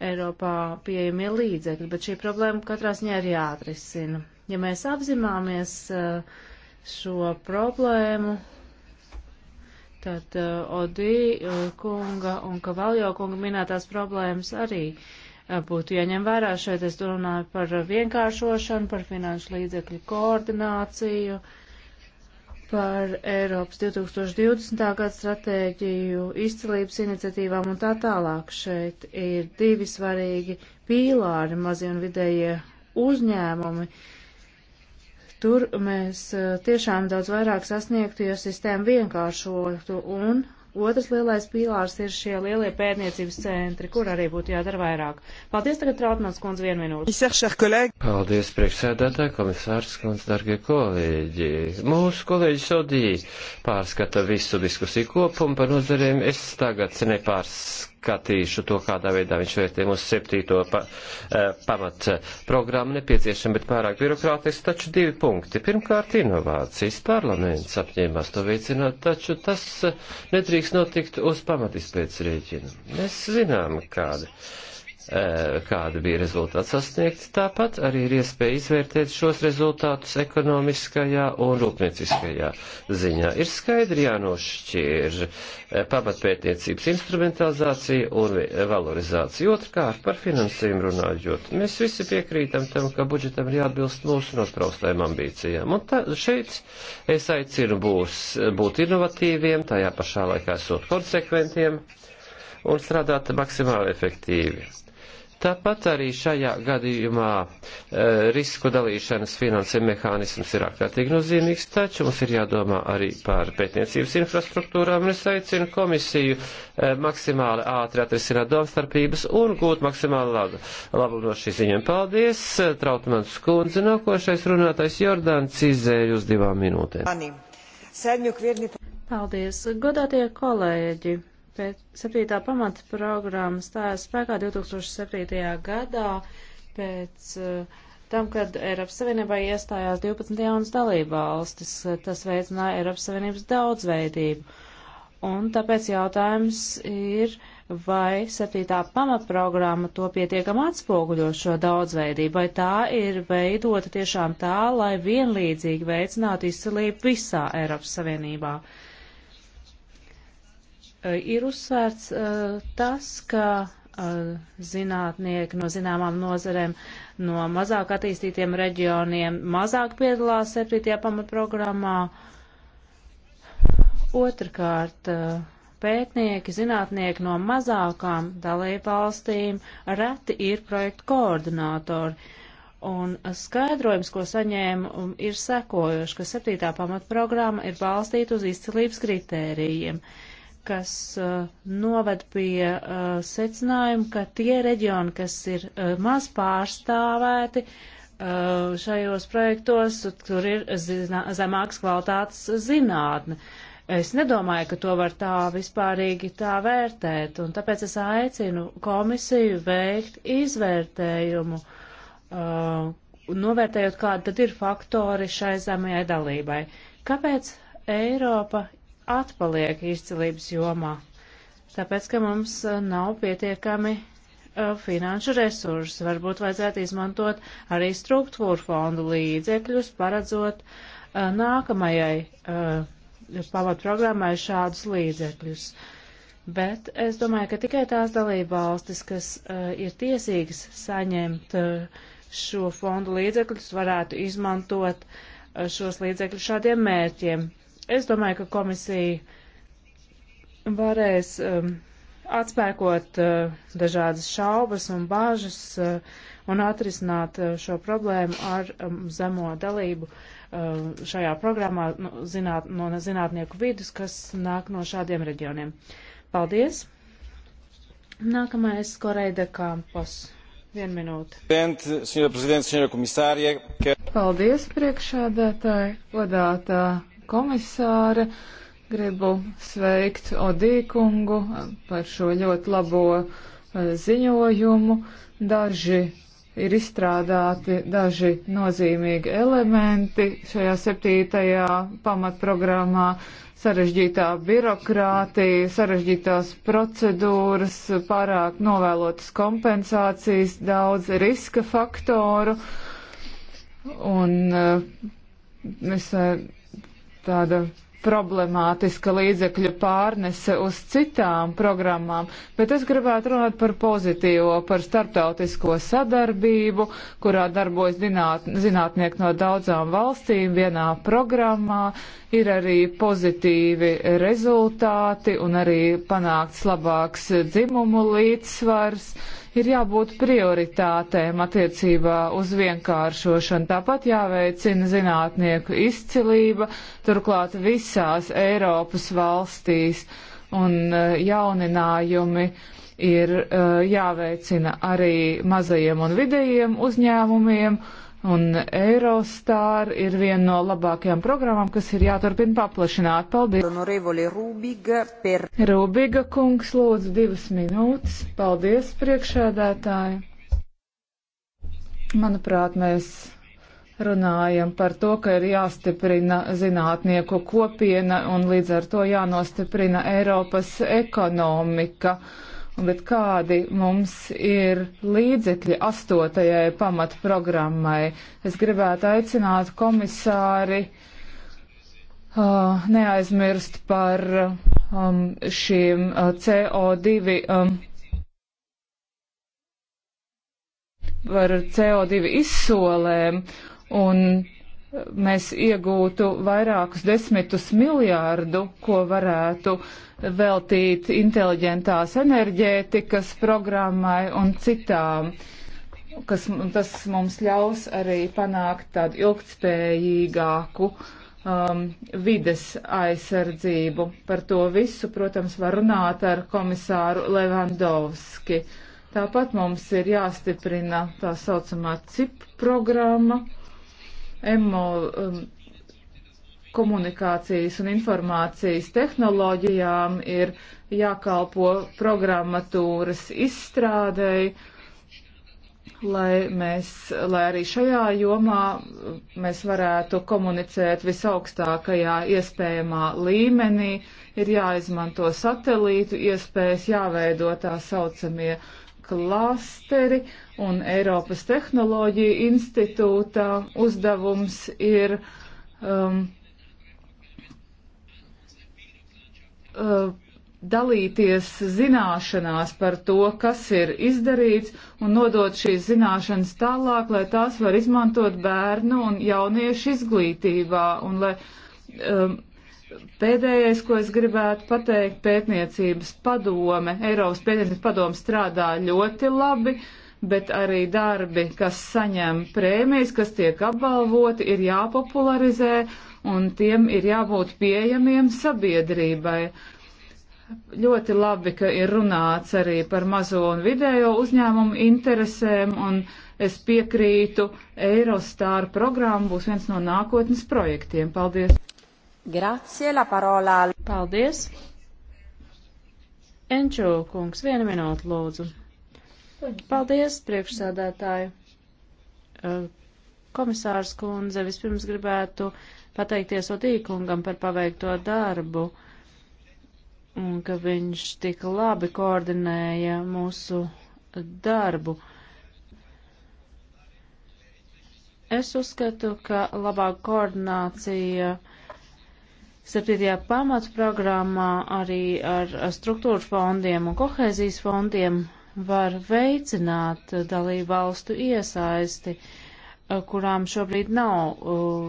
Eiropā pieejamie līdzekļi, bet šī problēma katrā ziņā ir jāatrisina. Ja mēs apzināmies uh, šo problēmu, tad uh, Odī uh, kunga un Kavaljo kunga minētās problēmas arī uh, Eh, būtu jāņem vērā. Šeit es runāju par vienkāršošanu, par finanšu līdzekļu koordināciju, par Eiropas 2020. gada stratēģiju, izcilības iniciatīvām un tā tālāk. Šeit ir divi svarīgi pīlāri mazie un vidējie uzņēmumi. Tur mēs eh, tiešām daudz vairāk sasniegtu, ja sistēma vienkāršotu un Otrs lielais pīlārs ir šie lielie pētniecības centri, kur arī būtu jādara vairāk. Paldies tagad, Trautmans kundze, vienu minūti. Paldies, priekšsēdētāji, komisārs kundze, dargie kolēģi. Mūsu kolēģis Odī pārskata visu diskusiju kopumu par nozarēm. Es tagad nepārskatu neskatīšu to, kādā veidā viņš vērtē mūsu septīto pa, eh, pamat programmu nepieciešama, bet pārāk birokrātiski, taču divi punkti. Pirmkārt, inovācijas parlaments apņēmās to veicināt, taču tas eh, nedrīkst notikt uz pamatizpēc rēķina. Mēs zinām, kāda Eh, kāda bija rezultāta sasniegta. Tāpat arī ir iespēja izvērtēt šos rezultātus ekonomiskajā un rūpnieciskajā ziņā. Ir skaidri jānošķir eh, pamatpētniecības instrumentalizācija un valorizācija. Otrkārt, par finansējumu runājot, mēs visi piekrītam tam, ka budžetam ir jāatbilst mūsu nospraustājām ambīcijām. Un tā, šeit es aicinu būs, būt inovatīviem, tajā pašā laikā esot konsekventiem un strādāt maksimāli efektīvi Tāpat arī šajā gadījumā e, risku dalīšanas finansē mehānisms ir ārkārtīgi nozīmīgs, taču mums ir jādomā arī par pētniecības infrastruktūrām, un es aicinu komisiju e, maksimāli ātri atrisināt domstarpības un gūt maksimāli labu, labu no šī ziņa. Paldies, Trautmans Kundze, nākošais runātais Jordāns izēju uz divām minūtēm. Paldies, godātie kolēģi! Pēc 7. pamata programma stājās spēkā 2007. gadā pēc uh, tam, kad Eiropas Savienībā iestājās 12 jaunas dalībvalstis. Tas veicināja Eiropas Savienības daudzveidību. Un tāpēc jautājums ir, vai 7. pamatprogramma to pietiekam atspoguļo šo daudzveidību, vai tā ir veidota tiešām tā, lai vienlīdzīgi veicinātu izcilību visā Eiropas Savienībā. Uh, Eh, ir uzsvērts eh, tas, ka eh, zinātnieki no zināmām nozarēm no mazāk attīstītiem reģioniem mazāk piedalās 7. pamatprogrammā. Otrkārt, pētnieki, zinātnieki no mazākām dalībvalstīm reti ir projektu koordinātori. Un skaidrojums, ko saņēmu, um, ir sekojoši, ka 7. pamatprogramma ir balstīta uz izcilības kritērijiem. Uh, kas uh, eh, novad pie uh, secinājuma, ka tie reģioni, kas ir uh, maz pārstāvēti uh, šajos projektos, tur ir zinā, zemāks kvalitātes zinātne. Es nedomāju, ka to var tā vispārīgi tā vērtēt, un tāpēc es aicinu komisiju veikt izvērtējumu, uh, novērtējot, kādi tad ir faktori šai zemajai dalībai. Kāpēc Eiropa atpaliek izcilības jomā, tāpēc, ka mums uh, nav pietiekami uh, finanšu resursus. Varbūt vajadzētu izmantot arī struktūru fondu līdzekļus, paredzot uh, nākamajai pamatprogrammai šādus līdzekļus. Bet es domāju, ka tikai tās dalība valstis, kas ir tiesīgas saņemt šo fondu līdzekļus, varētu izmantot šos līdzekļus šādiem mērķiem. Es domāju, ka komisija varēs um, atspēkot uh, dažādas šaubas un bāžas uh, un atrisināt uh, šo problēmu ar um, zemo dalību uh, šajā programmā nu, zināt, no zinātnieku vidus, kas nāk no šādiem reģioniem. Paldies! Nākamais Koreida Kampos. Vienu minūti. Paldies, priekšādātāji, godātā komisāre. Gribu sveikt Odīkungu par šo ļoti labo e, ziņojumu. Daži ir izstrādāti daži nozīmīgi elementi šajā septītajā pamatprogrammā - sarežģītā birokrātija, sarežģītās procedūras, pārāk novēlotas kompensācijas, daudz riska faktoru. Un es tāda problemātiska līdzekļu pārnese uz citām programmām, bet es gribētu runāt par pozitīvo, par starptautisko sadarbību, kurā darbojas dināt, zinātnieki no daudzām valstīm vienā programmā. Ir arī pozitīvi rezultāti un arī panākts labāks dzimumu līdzsvars ir jābūt prioritātēm attiecībā uz vienkāršošanu. Tāpat jāveicina zinātnieku izcilība, turklāt visās Eiropas valstīs, un eh, jauninājumi ir eh, jāveicina arī mazajiem un vidējiem uzņēmumiem Un Eurostar ir viena no labākajām programmām, kas ir jāturpina paplašināt. Paldies! Rūbiga, per... Rūbiga kungs lūdzu divas minūtes. Paldies, priekšēdētāji! Manuprāt, mēs runājam par to, ka ir jāstiprina zinātnieku kopiena un līdz ar to jānostiprina Eiropas ekonomika. Uh, bet kādi mums ir līdzekļi astotajai pamatprogrammai. Es gribētu aicināt komisāri uh, neaizmirst par um, šīm uh, CO2. Um, par CO2 izsolēm un mēs iegūtu vairākus desmitus miljārdu, ko varētu veltīt inteliģentās enerģētikas programmai un citām, kas tas mums ļaus arī panākt tādu ilgtspējīgāku um, vides aizsardzību. Par to visu, protams, var runāt ar komisāru Levandovski. Tāpat mums ir jāstiprina tā saucamā CIP programma emo um, komunikācijas un informācijas tehnoloģijām ir jākalpo programmatūras izstrādēji, lai mēs, lai arī šajā jomā mēs varētu komunicēt visaugstākajā iespējamā līmenī, ir jāizmanto satelītu iespējas, jāveido tā saucamie klasteri un Eiropas tehnoloģiju institūtā uzdevums ir um, uh, dalīties zināšanās par to, kas ir izdarīts, un nodot šīs zināšanas tālāk, lai tās var izmantot bērnu un jauniešu izglītībā, un lai um, Pēdējais, ko es gribētu pateikt, pētniecības padome, Eiropas pētniecības padome strādā ļoti labi, bet arī darbi, kas saņem prēmijas, kas tiek apbalvoti, ir jāpopularizē un tiem ir jābūt pieejamiem sabiedrībai. Ļoti labi, ka ir runāts arī par mazo un vidējo uzņēmumu interesēm, un es piekrītu, Eurostāra programma būs viens no nākotnes projektiem. Paldies! Grazie, la parola. Paldies. Enču kungs, vienu minūtu lūdzu. Paldies, priekšsādātāji. Komisārs kundze, vispirms gribētu pateikties Otīkungam par paveikto darbu un ka viņš tik labi koordinēja mūsu darbu. Es uzskatu, ka labāka koordinācija uh, Septītajā pamatprogrammā arī ar struktūru fondiem un kohēzijas fondiem var veicināt dalību valstu iesaisti, eh, kurām šobrīd nav uh,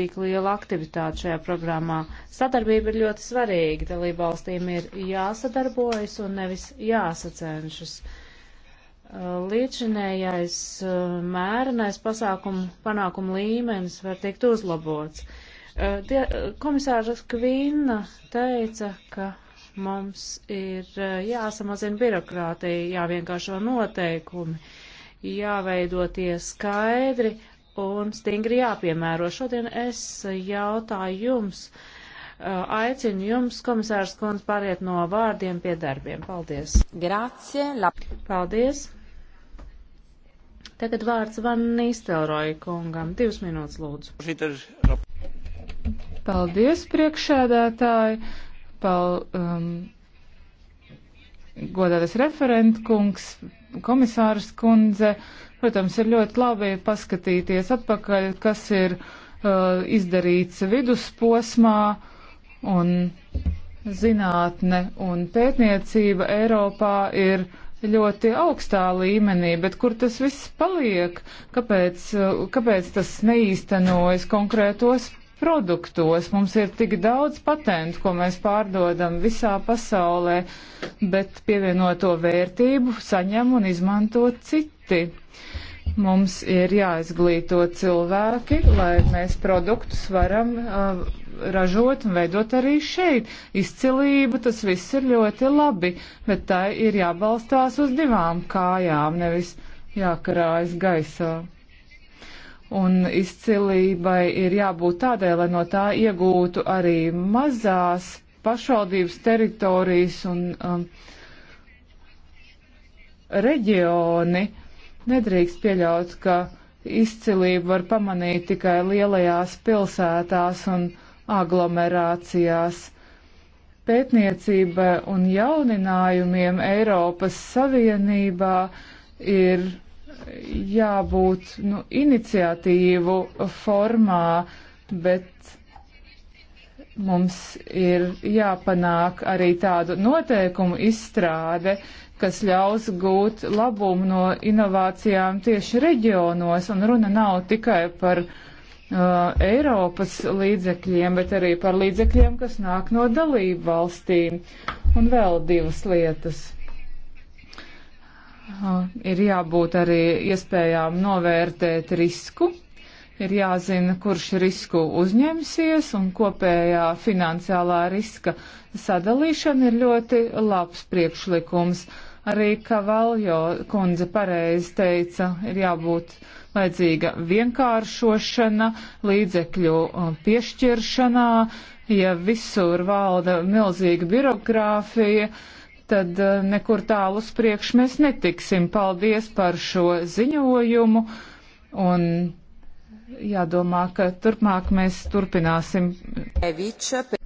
tik liela aktivitāte šajā programmā. Sadarbība ir ļoti svarīga. Dalību valstīm ir jāsadarbojas un nevis jāsacenšas. Eh, līdzinējais mērenais pasākumu panākumu līmenis var tikt uzlabots. Eh, tie, eh, komisārs Kvinna teica, ka mums ir eh, jāsamazina birokrātija, jāvienkāršo noteikumi, jāveido tie skaidri un stingri jāpiemēro. Šodien es jautāju jums, aicinu jums, komisārs Kunz, pāriet no vārdiem pie darbiem. Paldies. Grācie. Lab. Paldies. Tagad vārds Van Nīstelroja kungam. Divas minūtes lūdzu. Paldies, priekšēdētāji. Pal, um, godātais referentkungs, komisārs kundze. Protams, ir ļoti labi paskatīties atpakaļ, kas ir uh, izdarīts vidusposmā un zinātne un pētniecība Eiropā ir ļoti augstā līmenī, bet kur tas viss paliek? Kāpēc, uh, kāpēc tas neīstenojas konkrētos produktos. Mums ir tik daudz patentu, ko mēs pārdodam visā pasaulē, bet pievienoto vērtību saņem un izmanto citi. Mums ir jāizglīto cilvēki, lai mēs produktus varam uh, ražot un veidot arī šeit. Izcilība, tas viss ir ļoti labi, bet tai ir jābalstās uz divām kājām, nevis jākarājas gaisā. Un izcilībai ir jābūt tādai, lai no tā iegūtu arī mazās pašvaldības teritorijas un um, reģioni. Nedrīkst pieļaut, ka izcilību var pamanīt tikai lielajās pilsētās un aglomerācijās. Pētniecība un jauninājumiem Eiropas Savienībā ir jābūt nu, iniciatīvu formā, bet mums ir jāpanāk arī tādu noteikumu izstrāde, kas ļaus gūt labumu no inovācijām tieši reģionos. Un runa nav tikai par uh, Eiropas līdzekļiem, bet arī par līdzekļiem, kas nāk no dalību valstīm. Un vēl divas lietas ir jābūt arī iespējām novērtēt risku, ir jāzina, kurš risku uzņemsies, un kopējā finansiālā riska sadalīšana ir ļoti labs priekšlikums. Arī Kavaljo kundze pareizi teica, ir jābūt vajadzīga vienkāršošana, līdzekļu piešķiršanā, ja visur valda milzīga birokrāfija, uh, tad eh, nekur tālu uz priekšu mēs netiksim. Paldies par šo ziņojumu un jādomā, ka turpmāk mēs turpināsim.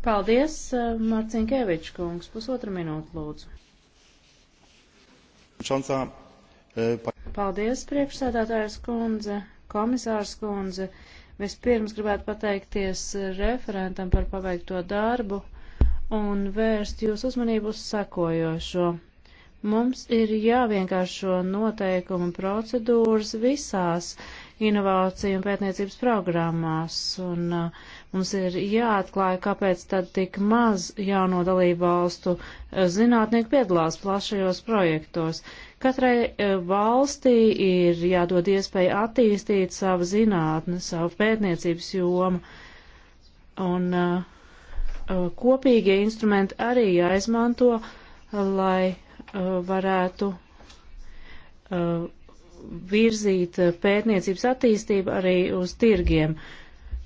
Paldies, eh, Marcinkevičs kungs, pusotra minūte lūdzu. Eh, Paldies, priekšsēdētājs kundze, komisārs kundze. Vispirms gribētu pateikties referentam par paveikto darbu un vērst jūs uzmanību uz sekojošo. Mums ir jāvienkāršo noteikumu procedūras visās inovāciju un pētniecības programmās, un uh, mums ir jāatklāja, kāpēc tad tik maz jauno dalību valstu uh, zinātnieku piedalās plašajos projektos. Katrai uh, valstī ir jādod iespēja attīstīt savu zinātni, savu pētniecības jomu, un uh, Uh, kopīgie instrumenti arī jāizmanto, lai uh, varētu uh, virzīt pētniecības attīstību arī uz tirgiem.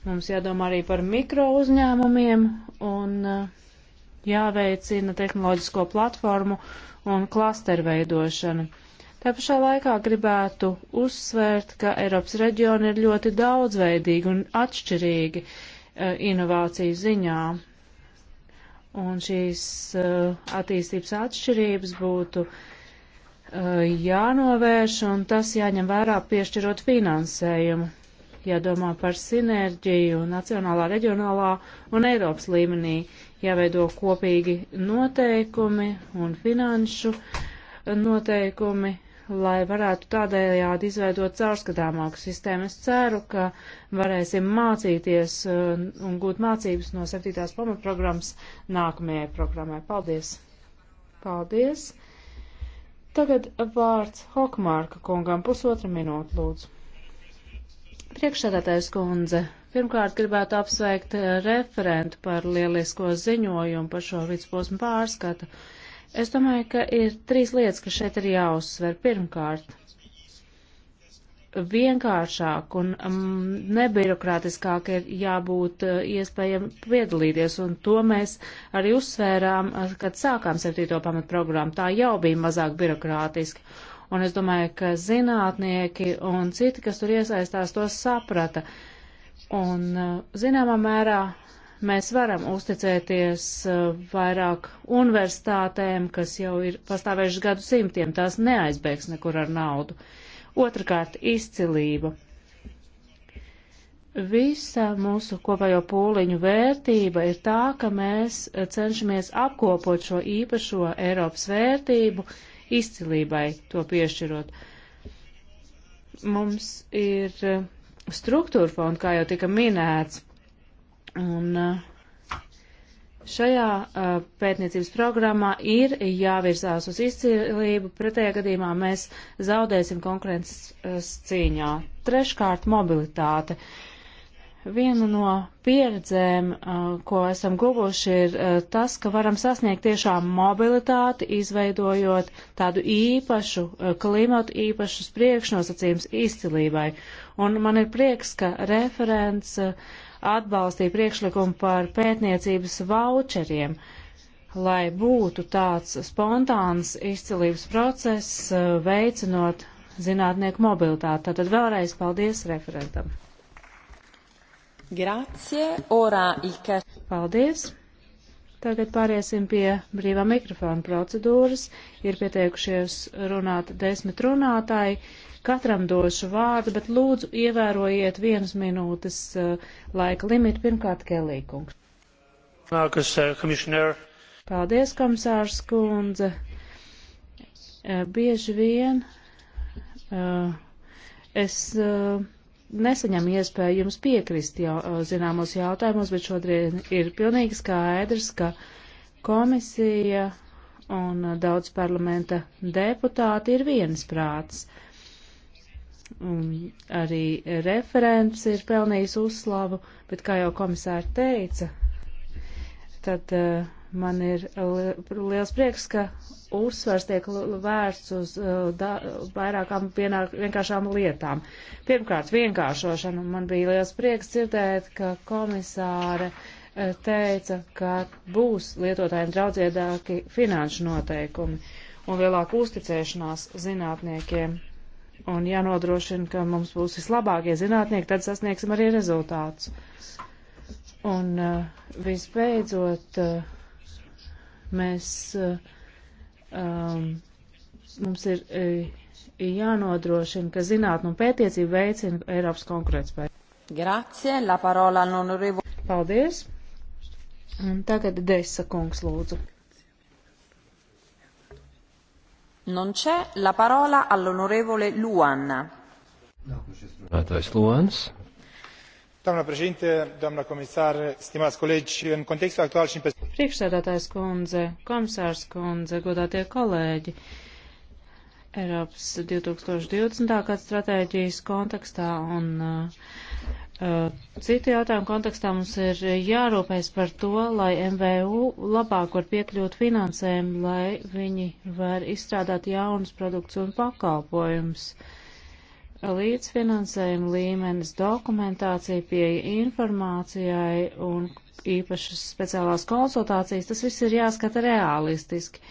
Mums jādomā arī par mikro uzņēmumiem un jāveicina tehnoloģisko platformu un klasteru veidošana. Tā pašā laikā gribētu uzsvērt, ka Eiropas reģioni ir ļoti daudzveidīgi un atšķirīgi inovāciju ziņā un šīs uh, attīstības atšķirības būtu uh, jānovērš, un tas jāņem vērā piešķirot finansējumu. Jādomā par sinerģiju nacionālā, reģionālā un Eiropas līmenī, jāveido kopīgi noteikumi un finanšu noteikumi, lai varētu tādējādi izveidot caurskatāmāku sistēmu. Es ceru, ka varēsim mācīties uh, un gūt mācības no septītās pamatprogrammas nākamajai programmai. Paldies! Paldies! Tagad vārds Hokmārka kungam pusotra minūte, lūdzu. Priekšsēdētājs kundze, pirmkārt gribētu apsveikt referentu par lielisko ziņojumu par šo vidusposmu pārskatu. Uh, Es domāju, ka ir trīs lietas, kas šeit ir jāuzsver. Pirmkārt, vienkāršāk un mm, nebirokrātiskāk ir jābūt eh, iespējami piedalīties, un to mēs arī uzsvērām, eh, kad sākām septīto pamatprogrammu. Tā jau bija mazāk birokrātiski. Un es domāju, ka zinātnieki un citi, kas tur iesaistās, to saprata. Un eh, zināmā mērā Mēs varam uzticēties eh, vairāk universitātēm, kas jau ir pastāvējušas gadu simtiem, tās neaizbēgs nekur ar naudu. Otrakārt, izcilība. Visa mūsu kopējo pūliņu vērtība ir tā, ka mēs eh, cenšamies apkopot šo īpašo Eiropas vērtību izcilībai, to piešķirot. Mums ir eh, struktūra fonda, kā jau tika minēts, Un uh, šajā uh, pētniecības programmā ir jāvirzās uz izcīlību, pretējā gadījumā mēs zaudēsim konkurences uh, cīņā. Treškārt, mobilitāte. Viena no pieredzēm, ko esam guvuši, ir tas, ka varam sasniegt tiešām mobilitāti, izveidojot tādu īpašu klimatu, īpašus priekšnosacījums izcilībai. Un man ir prieks, ka referents uh, atbalstīja priekšlikumu par pētniecības voucheriem, lai būtu tāds spontāns izcilības process, uh, veicinot zinātnieku mobilitāti. Tātad vēlreiz paldies referentam. Grazie, ora, ika. Paldies. Tagad pāriesim pie brīvā mikrofona procedūras. Ir pieteikušies runāt desmit runātāji. Katram došu vārdu, bet lūdzu ievērojiet vienas minūtes eh, laika limitu. Pirmkārt, Kelīkungs. Uh, Paldies, komisārs kundze. Eh, bieži vien eh, es nesaņem iespēju jums piekrist jau, zināmos jautājumos, bet šodien ir pilnīgi skaidrs, ka komisija un daudz parlamenta deputāti ir viens prāts. Un arī referents ir pelnījis uzslavu, bet kā jau komisāri teica, tad uh, Man ir liels prieks, ka uzsvars tiek vērsts uz uh, da, vairākām pienāk, vienkāršām lietām. Pirmkārt, vienkāršošana. Man bija liels prieks dzirdēt, ka komisāre uh, teica, ka būs lietotājiem draudziedāki finanšu noteikumi un lielāka uzticēšanās zinātniekiem. Un jānodrošina, ka mums būs vislabākie zinātnieki, tad sasniegsim arī rezultātus. Un uh, visbeidzot, uh, Mēs, eh, um, mums ir eh, jānodrošina, ka zinātnē un pētniecība veicina Eiropas konkurētspēju. Grazie, la parola non rivu. Paldies. Un tagad Desa kungs lūdzu. Non c'è la parola all'onorevole Luan. Nākošais runātājs Luans în contextul actual și în perspectivă. Priekšsēdētājs kundze, komisārs kundze, godātie kolēģi. Eiropas 2020. gada stratēģijas kontekstā un uh, uh, citu jautājumu kontekstā mums ir jārūpēs par to, lai MVU labāk var piekļūt finansēm, lai viņi var izstrādāt jaunus produktus un pakalpojumus. Uh, līdzfinansējuma līmenis, dokumentācija, pieeja informācijai un īpašas speciālās konsultācijas, tas viss ir jāskata realistiski,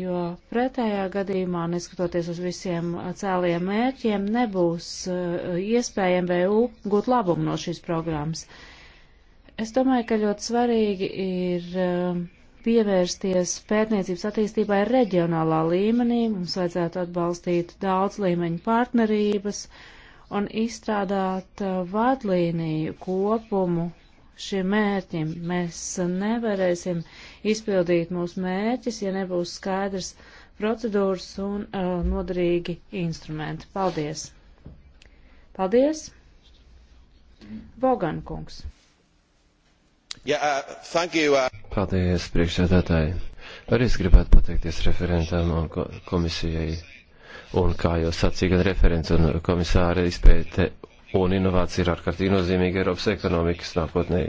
jo pretējā gadījumā, neskatoties uz visiem cēliem mērķiem, nebūs eh, iespēja MBU gūt labumu no šīs programmas. Es domāju, ka ļoti svarīgi ir uh, pievērsties pētniecības attīstībai reģionālā līmenī, mums vajadzētu atbalstīt daudz līmeņu partnerības un izstrādāt uh, vadlīniju kopumu šiem mērķim. Mēs nevarēsim izpildīt mūsu mērķis, ja nebūs skaidrs procedūras un uh, noderīgi instrumenti. Paldies! Paldies! Bogan kungs! Yeah, uh, uh, Paldies, priekšsēdētāji. Arī es gribētu pateikties referentam un komisijai. Un kā jau sacīja gan referents un komisāra izpēte un inovācija ir ārkārtīgi nozīmīga Eiropas ekonomikas nākotnē.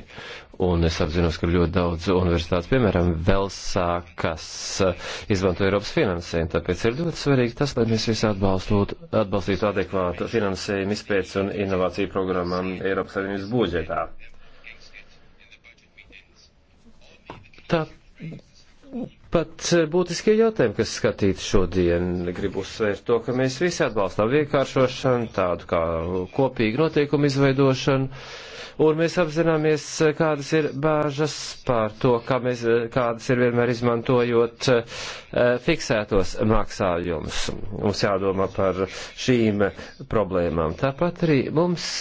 Un es apzinos, ka ļoti daudz universitātes, piemēram, vēl sākas uh, izmanto Eiropas finansējumu. Tāpēc ir ļoti svarīgi tas, lai mēs visi atbalstot, atbalstītu adekvātu finansējumu izpēc un inovāciju programmām Eiropas Savienības budžetā. Tāpat būtiskie jautājumi, kas skatīti šodien, gribu uzsvērt to, ka mēs visi atbalstām vienkāršošanu, tādu kā kopīgu noteikumu izveidošanu, un mēs apzināmies, kādas ir bāžas pār to, kā mēs, kādas ir vienmēr izmantojot eh, fiksētos maksājumus. Mums jādomā par šīm problēmām. Tāpat arī mums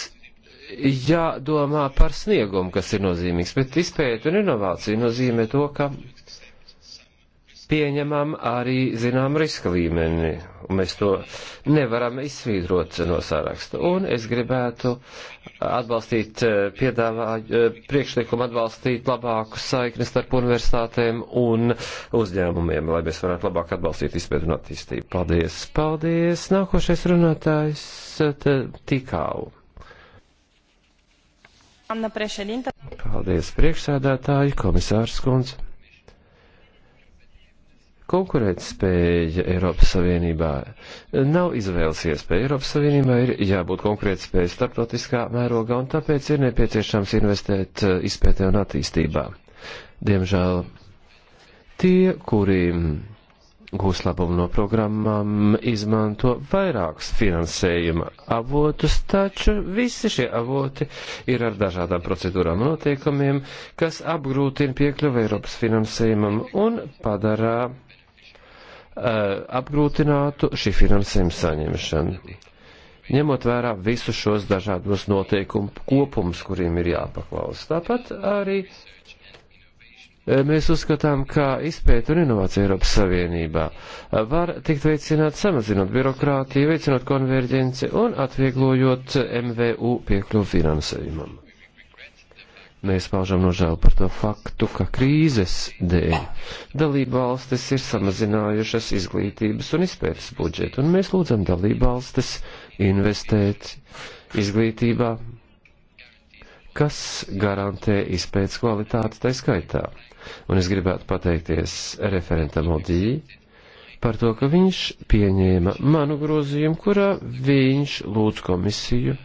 jādomā par sniegumu, kas ir nozīmīgs, bet izpēta un inovācija nozīmē to, ka pieņemam arī zinām riska līmeni, un mēs to nevaram izsvītrot no sāraksta. Un es gribētu atbalstīt, eh, piedāvā, eh, priekšlikumu atbalstīt labāku saikni starp universitātēm un uzņēmumiem, lai mēs varētu labāk atbalstīt izpētu un attīstību. Paldies, paldies. Nākošais runātājs eh, Tikau. Paldies, priekšsēdētāji, komisārs Kunds. Konkurētspēja Eiropas Savienībā nav izvēles iespēja. Eiropas Savienībā ir jābūt konkurētspēja starptautiskā mērogā, un tāpēc ir nepieciešams investēt eh, izpētē un attīstībā. Diemžēl tie, kuri gūs labumu no programmām, izmanto vairākus finansējuma avotus, taču visi šie avoti ir ar dažādām procedūrām un noteikumiem, kas apgrūtina piekļuvi Eiropas finansējumam un padarā uh, eh, apgrūtinātu šī finansējuma saņemšanu. Ņemot vērā visus šos dažādos noteikumu kopumus, kuriem ir jāpaklaus. Tāpat arī E, mēs uzskatām, ka izpēta un inovācija Eiropas Savienībā e, var tikt veicināt samazinot birokrātiju, veicinot konverģenci un atvieglojot MVU piekļuvu finansējumam. Mēs paužam nožēlu par to faktu, ka krīzes dēļ dalība valstis ir samazinājušas izglītības un izpētes budžetu, un mēs lūdzam dalība valstis investēt izglītībā, kas garantē izpētes kvalitāti tai skaitā Un es gribētu pateikties referentam Odī par to, ka viņš pieņēma manu grozījumu, kurā viņš lūdz komisiju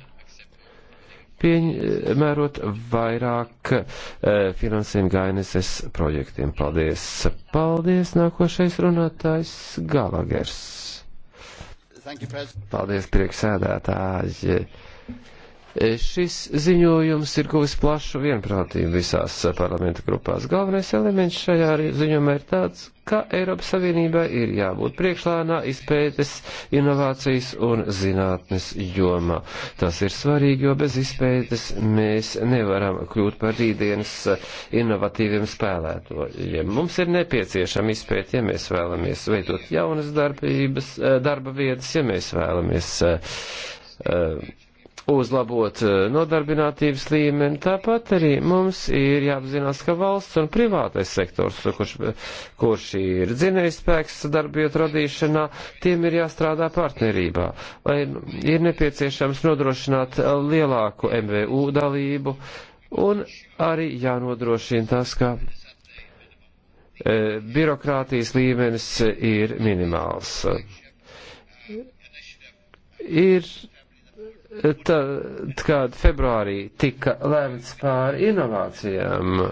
piemērot vairāk e, finansējumu gaineses projektiem. Paldies! Paldies! Nākošais runātājs Galagers. Paldies, prieksēdētāji! E, šis ziņojums ir guvis plašu vienprātību visās e, parlamenta grupās. Galvenais elements šajā ziņojumā ir tāds, ka Eiropas Savienībai ir jābūt priekšlānā izpētes, inovācijas un zinātnes jomā. Tas ir svarīgi, jo bez izpētes mēs nevaram kļūt par rītdienas e, inovatīviem spēlētojiem. Mums ir nepieciešama izpēta, ja mēs vēlamies veidot jaunas darbības, darba vietas, ja mēs vēlamies. Uh, uh, uzlabot eh, nodarbinātības līmeni. Tāpat arī mums ir jāapzinās, ka valsts un privātais sektors, kurš, kurš ir dzinējspēks darbvietu radīšanā, tiem ir jāstrādā partnerībā. Lai ir nepieciešams nodrošināt lielāku MVU dalību un arī jānodrošina tas, ka eh, birokrātijas līmenis ir minimāls. Ir tad, kad februārī tika lēmts pār inovācijām,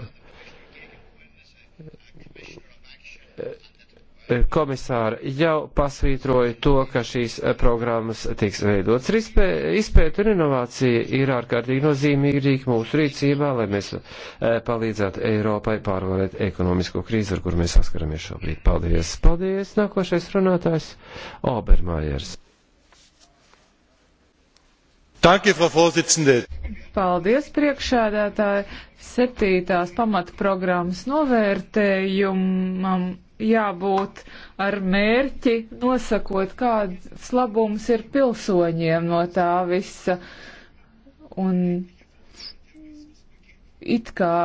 komisāra jau pasvītroja to, ka šīs programmas tiks veidotas. Izpē, izpēta un inovācija ir ārkārtīgi nozīmīga mūsu rīcībā, lai mēs eh, palīdzētu Eiropai pārvarēt ekonomisko krīzi, ar kur mēs saskaramies šobrīd. Paldies! Paldies! Nākošais runātājs Obermājers. Danke, Frau Vorsitzende. Paldies, priekšēdētāji. Septītās pamatprogrammas novērtējumam jābūt ar mērķi nosakot, kāds labums ir pilsoņiem no tā visa. Un it kā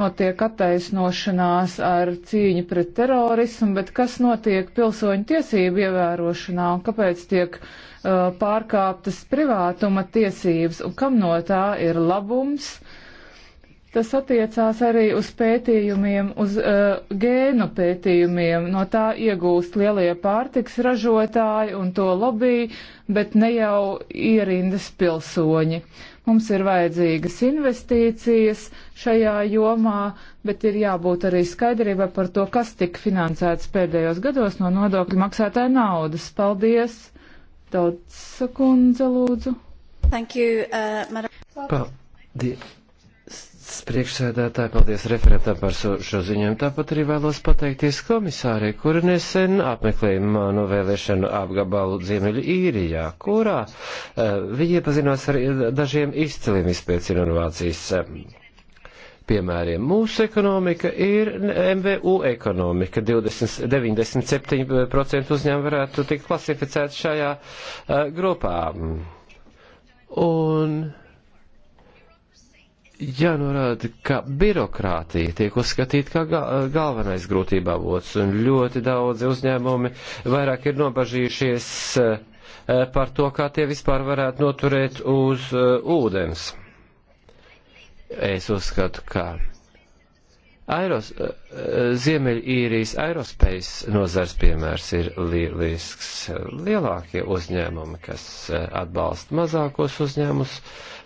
notiek attaisnošanās ar cīņu pret terorismu, bet kas notiek pilsoņu tiesību ievērošanā un kāpēc tiek uh, pārkāptas privātuma tiesības un kam no tā ir labums? Tas attiecās arī uz pētījumiem, uz uh, gēnu pētījumiem. No tā iegūst lielie pārtiks ražotāji un to lobby, bet ne jau ierindas pilsoņi. Uh, Mums ir vajadzīgas investīcijas šajā jomā, bet ir jābūt arī skaidrībai par to, kas tika finansēts pēdējos gados no nodokļu maksātāja naudas. Paldies! Daudz sekundze, lūdzu. Thank you, uh, madam. Paldies. Paldies priekšsēdētāji, paldies referentam par šo ziņojumu. Tāpat arī vēlos pateikties komisārei, kura nesen apmeklēja manu vēlēšanu apgabalu Ziemeļu īrijā, kurā uh, viņi iepazinās ar dažiem izciliem izpēc inovācijas. Eh, piemēriem. Mūsu ekonomika ir MVU ekonomika. 20, 97% uzņēmumu varētu tikt klasificēti šajā uh, grupā. Un jānorāda, ka birokrātija tiek uzskatīta kā gal galvenais grūtībā avots, un ļoti daudzi uzņēmumi vairāk ir nobažījušies eh, par to, kā tie vispār varētu noturēt uz eh, ūdens. Es uzskatu, ka Airos, eh, eh, Ziemeļīrijas aerospace nozars piemērs ir lielisks. Lielākie uzņēmumi, kas eh, atbalsta mazākos uzņēmumus,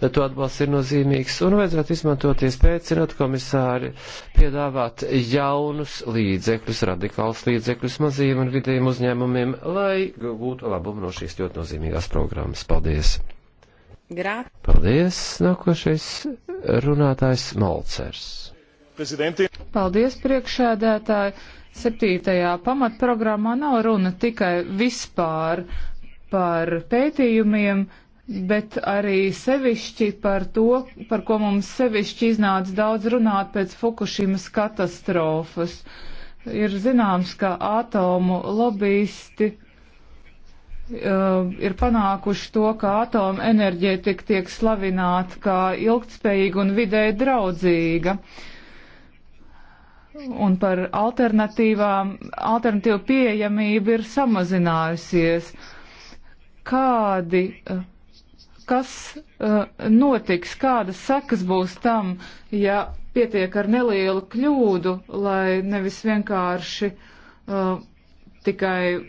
to atbalsts ir nozīmīgs un vajadzētu izmantoties pēcinot komisāri, piedāvāt jaunus līdzekļus, radikālus līdzekļus maziem un vidējiem uzņēmumiem, lai gūtu labumu no šīs ļoti nozīmīgās programmas. Paldies! Grāk. Paldies! Nākošais runātājs Malcers. Paldies, priekšēdētāji. Septītajā pamatprogrammā nav runa tikai vispār par pētījumiem, bet arī sevišķi par to, par ko mums sevišķi iznāca daudz runāt pēc Fukushimas katastrofas. Ir zināms, ka atomu lobbyisti uh, ir panākuši to, ka atomu enerģētika tiek slavināta kā ilgtspējīga un vidē draudzīga. Uh, un par alternatīvām, alternatīvu pieejamību ir samazinājusies. Kādi, eh, kas eh, notiks, kādas sekas būs tam, ja pietiek ar nelielu kļūdu, lai nevis vienkārši uh, tikai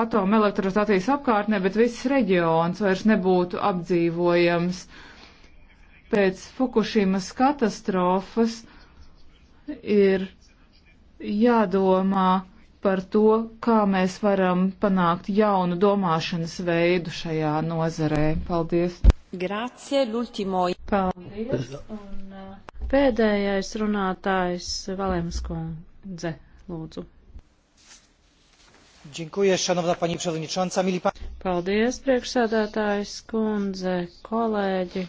atomelektrostacijas apkārtnē, bet viss reģions vairs nebūtu apdzīvojams. Pēc Fukushimas katastrofas uh, ir jādomā par to, kā mēs varam panākt jaunu domāšanas veidu šajā nozarē. Paldies! Grazie, l'ultimo. Paldies! Un uh, pēdējais runātājs Valemskundze, lūdzu. Dziękuję, szanowna pani przewodnicząca, mili pan... Paldies, priekšsēdētājs kundze, kolēģi,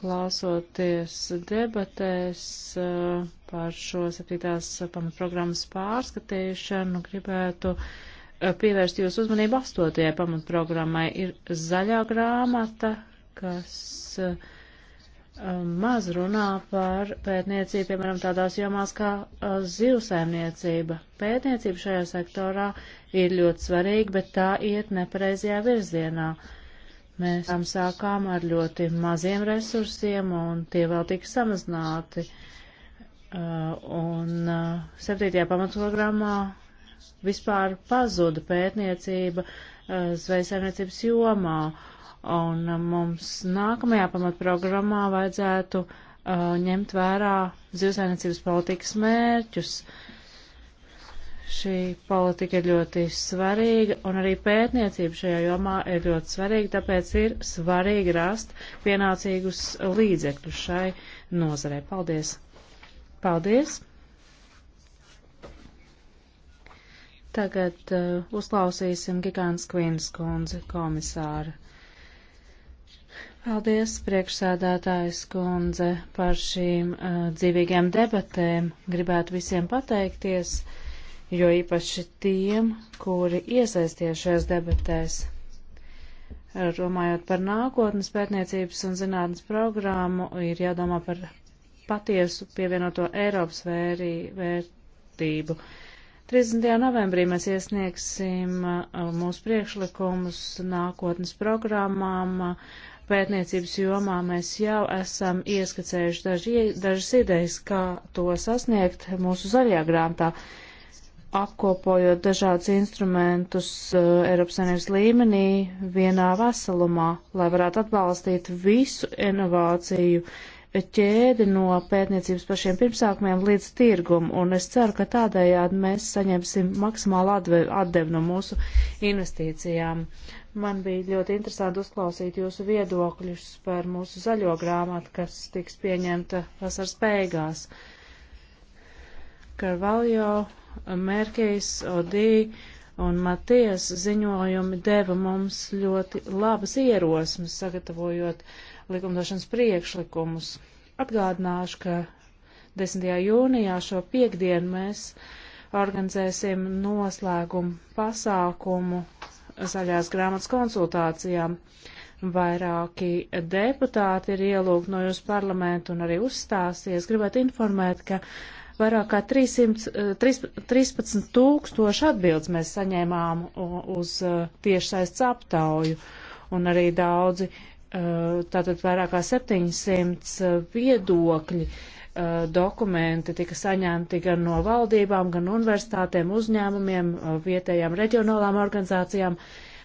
klausoties debatēs. Uh, par šo septītās pamatprogrammas pārskatīšanu gribētu eh, pievērst jūsu uzmanību astotajai pamatprogrammai. Ir zaļā grāmata, kas eh, maz runā par pētniecību, piemēram, tādās jomās kā eh, zivsaimniecība. Pētniecība šajā sektorā ir ļoti svarīga, bet tā iet nepareizajā virzienā. Mēs sākām ar ļoti maziem resursiem, un tie vēl tika samazināti. Uh, Uh, un uh, septītajā pamatprogrammā vispār pazuda pētniecība uh, zvejsaimniecības jomā. Un mums nākamajā pamatprogrammā vajadzētu uh, ņemt vērā zivsainiecības politikas mērķus. Šī politika ir ļoti svarīga, un arī pētniecība šajā jomā ir ļoti svarīga, tāpēc ir svarīgi rast pienācīgus līdzekļus šai nozarei. Paldies! Paldies! Tagad uh, uzklausīsim Gigants Kvīnas kundzi, komisāra. Paldies, priekšsēdētājs kundze, par šīm uh, dzīvīgām debatēm. Gribētu visiem pateikties, jo īpaši tiem, kuri iesaisties šajās debatēs. Ar, domājot par nākotnes pētniecības un zinātnes programmu, ir jādomā par patiesu pievienoto Eiropas vērī, vērtību. 30. novembrī mēs iesniegsim uh, mūsu priekšlikumus nākotnes programmām. Uh, pētniecības jomā mēs jau esam ieskacējuši daži, dažas idejas, kā to sasniegt mūsu zaļajā grāmatā, apkopojot dažādus instrumentus uh, Eiropas Savienības līmenī vienā veselumā, lai varētu atbalstīt visu inovāciju uh, ķēdi no pētniecības pašiem pirmsākumiem līdz tirgumu, un es ceru, ka tādējādi mēs saņemsim maksimālu atdevi no mūsu investīcijām. Man bija ļoti interesanti uzklausīt jūsu viedokļus par mūsu zaļo grāmatu, kas tiks pieņemta vasaras beigās. Karvaljo, Merkijs, Odī un Matijas ziņojumi deva mums ļoti labas ierosmes, sagatavojot uh, likumdošanas priekšlikumus. Atgādināšu, ka 10. jūnijā šo piekdienu mēs organizēsim noslēgumu pasākumu zaļās grāmatas konsultācijām. Vairāki deputāti ir ielūgti no jūsu parlamentu un arī uzstāsies. Gribētu informēt, ka vairāk kā 300, 13 eh, tūkstoši atbildes mēs saņēmām uz eh, tiešsaistes aptauju. Un arī daudzi Eh, tātad vairāk kā 700 eh, viedokļi eh, dokumenti tika saņemti gan no valdībām, gan universitātēm, uzņēmumiem, vietējām reģionālām organizācijām.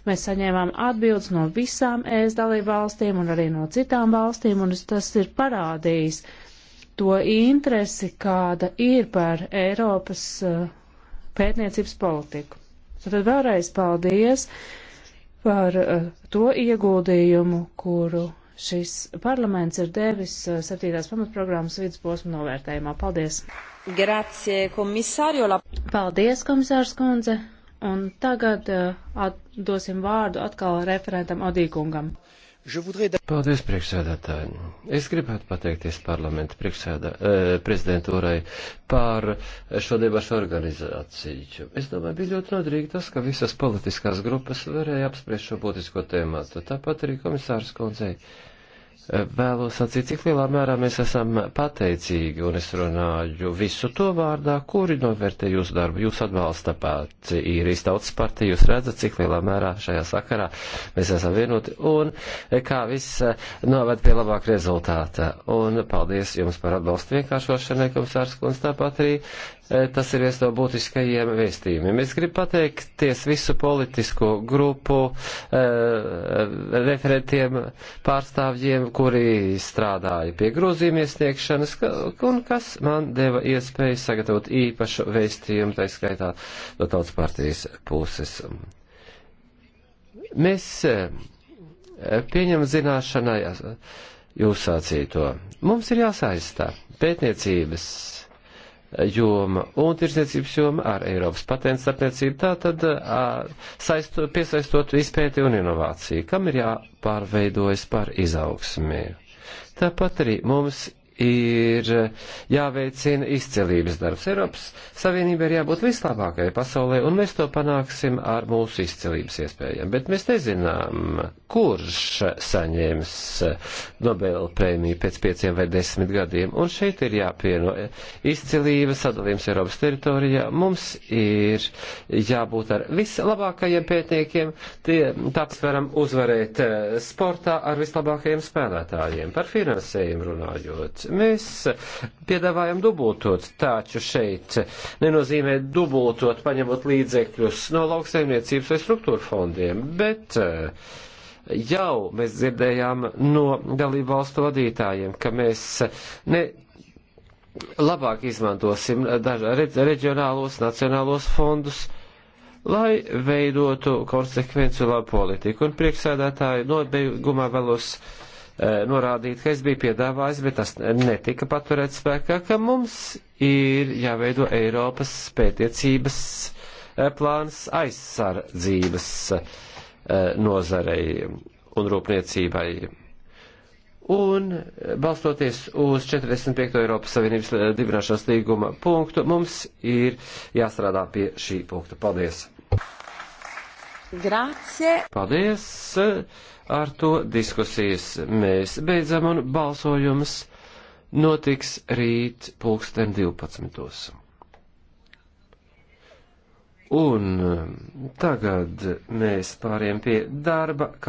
Mēs saņēmām atbildes no visām ES dalību valstīm un arī no citām valstīm, un tas ir parādījis to interesi, kāda ir par Eiropas pētniecības politiku. Tad vēlreiz paldies par eh, to ieguldījumu, kuru šis parlaments ir devis eh, septītās pamatprogrammas vidusposma novērtējumā. Paldies! Grazie, komisārio! Paldies, komisārs kundze! Un tagad uh, dosim vārdu atkal referentam Odīkungam. Paldies, priekšsēdētāji. Es gribētu pateikties parlamentu priekšsēdā, eh, prezidentūrai par šo debašu organizāciju. Es domāju, bija ļoti nodrīgi tas, ka visas politiskās grupas varēja apspriest šo būtisko tēmātu. Tāpat arī komisārs Konzei. Eh, vēlos sacīt, cik lielā mērā mēs esam pateicīgi, un es runāju visu to vārdā, kuri novērtē jūsu darbu, jūs atbalsta pēc īrijas tautas partiju, jūs redzat, cik lielā mērā šajā sakarā mēs esam vienoti, un kā viss eh, noved pie labāka rezultāta. Un paldies jums par atbalstu vienkāršošanai, komisārs Kunz, tāpat arī E, tas ir viens no būtiskajiem vēstījumiem. Es gribu pateikties visu politisko grupu e, referentiem, pārstāvjiem, kuri strādāja pie grozījuma iesniegšanas, un kas man deva iespēju sagatavot īpašu vēstījumu, tā skaitā no tautas partijas puses. Mēs e, pieņem zināšanai jūs sācīto. Mums ir jāsaistā pētniecības joma un tirsniecības joma ar Eiropas patents starpniecību, tā tad saisto, piesaistot izpēti un inovāciju, kam ir jāpārveidojas par izaugsmī. Tāpat arī mums ir jāveicina izcelības darbs. Eiropas Savienība ir jābūt vislabākajai pasaulē, un mēs to panāksim ar mūsu izcelības iespējām. Bet mēs nezinām, kurš saņēmis Nobela prēmiju pēc pieciem vai desmit gadiem. Un šeit ir jāpieno izcilība, sadalījums Eiropas teritorijā. Mums ir jābūt ar vislabākajiem pētniekiem, tie, tāds varam uzvarēt eh, sportā ar vislabākajiem spēlētājiem. Par finansējumu runājot, mēs piedāvājam dubultot, taču šeit nenozīmē dubultot, paņemot līdzekļus no lauksaimniecības vai struktūra fondiem, bet uh, jau mēs dzirdējām no dalību valstu vadītājiem, ka mēs ne labāk izmantosim reģionālos, nacionālos fondus, lai veidotu konsekvenci labu politiku. Un priekšsēdētāji nobeigumā vēlos e, norādīt, ka es biju piedāvājis, bet tas netika paturēts spēkā, ka mums ir jāveido Eiropas pētiecības e, plāns aizsardzības. Uh, Eh, nozarei un rūpniecībai. Un, balstoties uz 45. Eiropas Savienības eh, dibināšanas līguma punktu, mums ir jāstrādā pie šī punkta. Paldies! Grācie! Paldies! Ar to diskusijas mēs beidzam un balsojums notiks rīt pulksten 12. Un eh, tagad mēs pāriem pie darba.